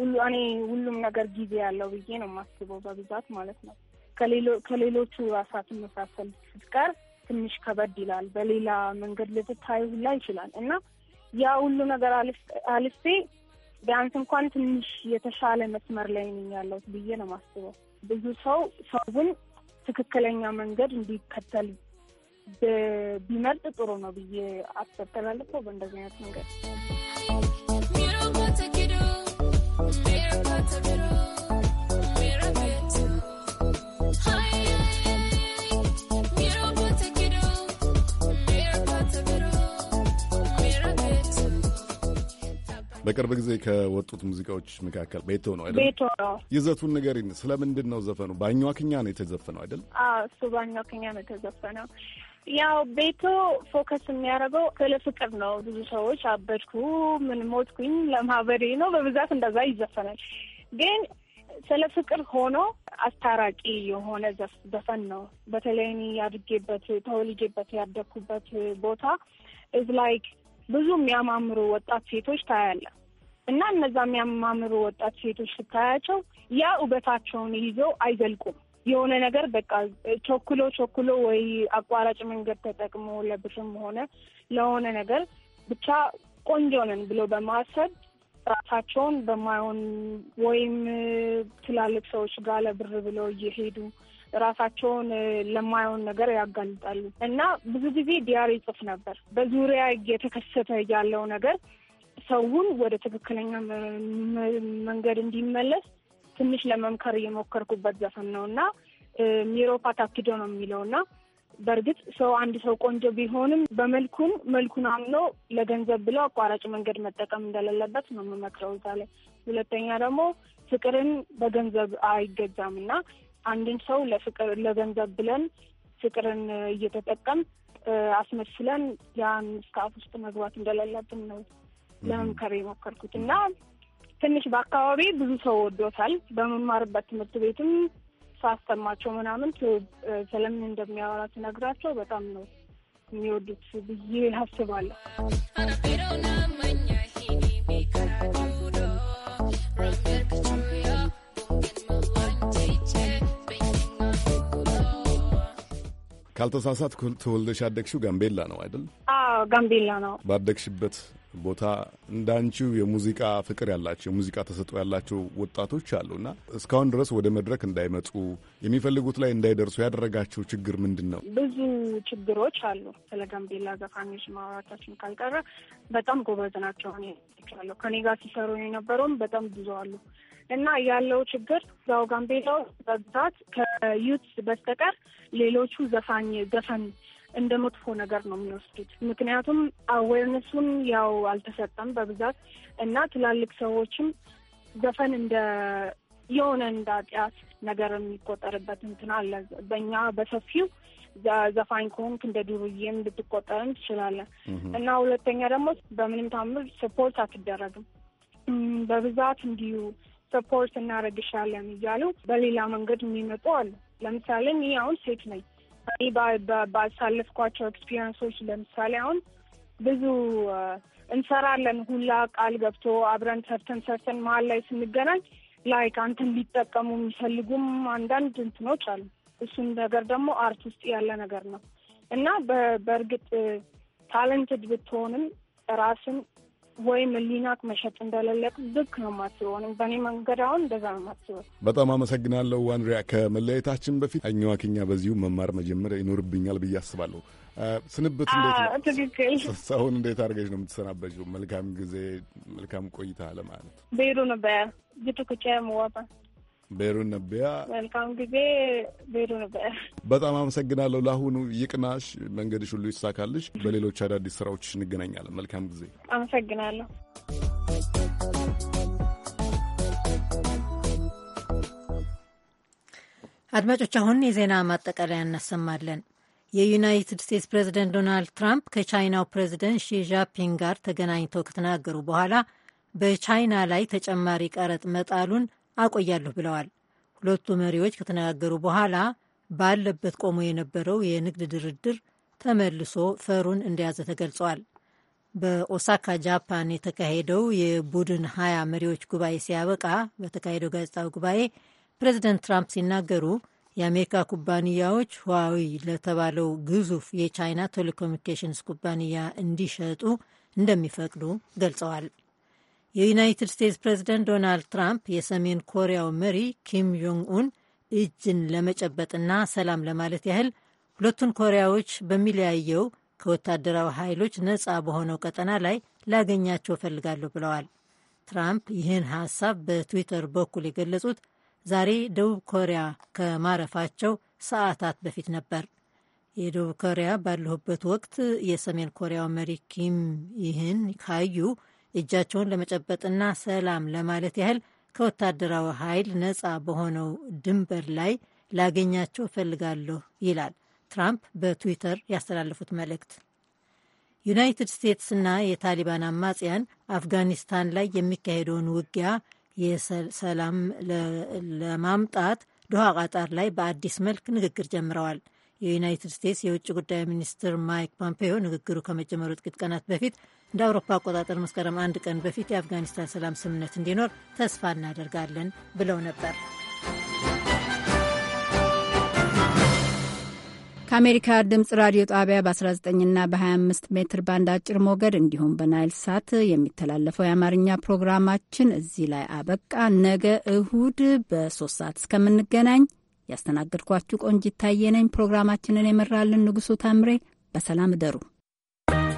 ሁሉ እኔ ሁሉም ነገር ጊዜ ያለው ብዬ ነው የማስበው በብዛት ማለት ነው ከሌሎቹ ራሳትን መሳሰል ስትቀር ትንሽ ከበድ ይላል። በሌላ መንገድ ልትታዩ ሁላ ይችላል እና ያ ሁሉ ነገር አልፌ ቢያንስ እንኳን ትንሽ የተሻለ መስመር ላይ ነኝ ያለሁት ብዬ ነው ማስበው ብዙ ሰው ሰውን ትክክለኛ መንገድ እንዲከተል ቢመርጥ ጥሩ ነው ብዬ አስተላለፈ። በእንደዚህ አይነት መንገድ በቅርብ ጊዜ ከወጡት ሙዚቃዎች መካከል ቤቶ ነው አይደል? ቤቶ ነው። ይዘቱን ንገሪን። ስለምንድን ነው ዘፈኑ? ባኟክኛ ነው የተዘፈነው አይደል? እሱ ባኟክኛ ነው የተዘፈነው። ያው ቤቶ ፎከስ የሚያደርገው ስለ ፍቅር ነው። ብዙ ሰዎች አበድኩ፣ ምን ሞትኩኝ ለማህበሬ ነው በብዛት እንደዛ ይዘፈናል። ግን ስለ ፍቅር ሆኖ አስታራቂ የሆነ ዘፈን ነው። በተለይ ያድጌበት ተወልጄበት ያደግኩበት ቦታ ኢዝ ላይክ ብዙ የሚያማምሩ ወጣት ሴቶች ታያለ እና እነዛ የሚያማምሩ ወጣት ሴቶች ስታያቸው ያ ውበታቸውን ይዘው አይዘልቁም። የሆነ ነገር በቃ ቾክሎ ቾክሎ ወይ አቋራጭ መንገድ ተጠቅሞ ለብርም ሆነ ለሆነ ነገር ብቻ ቆንጆ ነን ብሎ በማሰብ ራሳቸውን በማይሆን ወይም ትላልቅ ሰዎች ጋር ለብር ብለው እየሄዱ ራሳቸውን ለማየውን ነገር ያጋልጣሉ እና ብዙ ጊዜ ዲያሪ ይጽፍ ነበር። በዙሪያ የተከሰተ ያለው ነገር ሰውን ወደ ትክክለኛ መንገድ እንዲመለስ ትንሽ ለመምከር እየሞከርኩበት ዘፈን ነው እና ሚሮፓ ታኪዶ ነው የሚለው እና በእርግጥ ሰው አንድ ሰው ቆንጆ ቢሆንም በመልኩም መልኩን አምኖ ለገንዘብ ብለው አቋራጭ መንገድ መጠቀም እንደሌለበት ነው የምመክረው እዛ ላይ። ሁለተኛ ደግሞ ፍቅርን በገንዘብ አይገዛም እና አንድን ሰው ለፍቅር ለገንዘብ ብለን ፍቅርን እየተጠቀም አስመስለን ያን ስካፍ ውስጥ መግባት እንደሌለብን ነው ለመምከር የሞከርኩት እና ትንሽ በአካባቢ ብዙ ሰው ወዶታል። በመማርበት ትምህርት ቤትም ሳስተማቸው ምናምን ስለምን እንደሚያወራ ትነግራቸው በጣም ነው የሚወዱት ብዬ አስባለሁ። ካልተሳሳት ተወልደሽ ያደግሽው ጋምቤላ ነው አይደል? ጋምቤላ ነው። ባደግሽበት ቦታ እንዳንቺው የሙዚቃ ፍቅር ያላቸው የሙዚቃ ተሰጥኦ ያላቸው ወጣቶች እና እስካሁን ድረስ ወደ መድረክ እንዳይመጡ የሚፈልጉት ላይ እንዳይደርሱ ያደረጋቸው ችግር ምንድን ነው? ብዙ ችግሮች አሉ። ስለ ጋምቤላ ዘፋኞች ማውራታችን ካልቀረ በጣም ጎበዝ ናቸው። እኔ ከኔ ጋር ሲሰሩ የነበረውም በጣም ብዙ አሉ። እና ያለው ችግር ዛው ጋምቤላ በብዛት ከዩት በስተቀር ሌሎቹ ዘፋኝ ዘፈን እንደ መጥፎ ነገር ነው የሚወስዱት። ምክንያቱም አዌርነሱን ያው አልተሰጠም በብዛት እና ትላልቅ ሰዎችም ዘፈን እንደ የሆነ እንደ ኃጢአት ነገር የሚቆጠርበት እንትን አለ። በእኛ በሰፊው ዘፋኝ ከሆንክ እንደ ዱርዬም ልትቆጠርም ትችላለን እና ሁለተኛ ደግሞ በምንም ታምር ስፖርት አትደረግም በብዛት እንዲሁ ሰፖርት እናደርግሻለን እያሉ በሌላ መንገድ የሚመጡ አሉ። ለምሳሌ እኔ አሁን ሴት ነኝ። እኔ ባሳለፍኳቸው ኤክስፒሪንሶች ለምሳሌ አሁን ብዙ እንሰራለን ሁላ ቃል ገብቶ አብረን ሰርተን ሰርተን መሀል ላይ ስንገናኝ ላይክ አንተን ሊጠቀሙ የሚፈልጉም አንዳንድ እንትኖች አሉ። እሱን ነገር ደግሞ አርት ውስጥ ያለ ነገር ነው እና በእርግጥ ታለንትድ ብትሆንም ራስን ወይም ሊናቅ መሸጥ እንደሌለቅ ልክ ነው የማስበው። በእኔ መንገድ አሁን እንደዛ ነው የማስበው። በጣም አመሰግናለሁ ዋንሪያ። ከመለያየታችን በፊት አኛዋክኛ በዚሁ መማር መጀመር ይኖርብኛል ብዬ አስባለሁ። ስንብት እንዴት ነው? ሰውን እንዴት አድርገሽ ነው የምትሰናበችው? መልካም ጊዜ፣ መልካም ቆይታ ለማለት ቤሩ ነበር ጅቱ ክጫ መዋጣ ቤሩን ነቢያ መልካም ጊዜ ቤሩ ነቢያ፣ በጣም አመሰግናለሁ። ለአሁኑ ይቅናሽ፣ መንገድሽ ሁሉ ይሳካልሽ። በሌሎች አዳዲስ ስራዎች እንገናኛለን። መልካም ጊዜ። አመሰግናለሁ። አድማጮች፣ አሁን የዜና ማጠቃለያ እናሰማለን። የዩናይትድ ስቴትስ ፕሬዚደንት ዶናልድ ትራምፕ ከቻይናው ፕሬዚደንት ሺዣፒንግ ጋር ተገናኝተው ከተናገሩ በኋላ በቻይና ላይ ተጨማሪ ቀረጥ መጣሉን አቆያለሁ ብለዋል። ሁለቱ መሪዎች ከተነጋገሩ በኋላ ባለበት ቆሞ የነበረው የንግድ ድርድር ተመልሶ ፈሩን እንደያዘ ተገልጿል። በኦሳካ ጃፓን የተካሄደው የቡድን ሀያ መሪዎች ጉባኤ ሲያበቃ በተካሄደው ጋዜጣዊ ጉባኤ ፕሬዚደንት ትራምፕ ሲናገሩ የአሜሪካ ኩባንያዎች ህዋዊ ለተባለው ግዙፍ የቻይና ቴሌኮሙኒኬሽንስ ኩባንያ እንዲሸጡ እንደሚፈቅዱ ገልጸዋል። የዩናይትድ ስቴትስ ፕሬዚደንት ዶናልድ ትራምፕ የሰሜን ኮሪያው መሪ ኪም ጆንግ ኡን እጅን ለመጨበጥና ሰላም ለማለት ያህል ሁለቱን ኮሪያዎች በሚለያየው ከወታደራዊ ኃይሎች ነፃ በሆነው ቀጠና ላይ ላገኛቸው እፈልጋለሁ ብለዋል። ትራምፕ ይህን ሐሳብ በትዊተር በኩል የገለጹት ዛሬ ደቡብ ኮሪያ ከማረፋቸው ሰዓታት በፊት ነበር። የደቡብ ኮሪያ ባለሁበት ወቅት የሰሜን ኮሪያው መሪ ኪም ይህን ካዩ እጃቸውን ለመጨበጥና ሰላም ለማለት ያህል ከወታደራዊ ኃይል ነፃ በሆነው ድንበር ላይ ላገኛቸው እፈልጋለሁ ይላል ትራምፕ በትዊተር ያስተላለፉት መልእክት። ዩናይትድ ና የታሊባን አማጽያን አፍጋኒስታን ላይ የሚካሄደውን ውጊያ የሰላም ለማምጣት ዶሃ ቃጣር ላይ በአዲስ መልክ ንግግር ጀምረዋል። የዩናይትድ ስቴትስ የውጭ ጉዳይ ሚኒስትር ማይክ ፖምፔዮ ንግግሩ ከመጀመሩ ጥቂት ቀናት በፊት እንደ አውሮፓ አቆጣጠር መስከረም አንድ ቀን በፊት የአፍጋኒስታን ሰላም ስምምነት እንዲኖር ተስፋ እናደርጋለን ብለው ነበር። ከአሜሪካ ድምፅ ራዲዮ ጣቢያ በ19ና በ25 ሜትር ባንድ አጭር ሞገድ እንዲሁም በናይል ሳት የሚተላለፈው የአማርኛ ፕሮግራማችን እዚህ ላይ አበቃ። ነገ እሁድ በሶስት ሰዓት እስከምንገናኝ ያስተናገድኳችሁ ቆንጂት ታየነኝ። ፕሮግራማችንን የመራልን ንጉሱ ታምሬ። በሰላም እደሩ።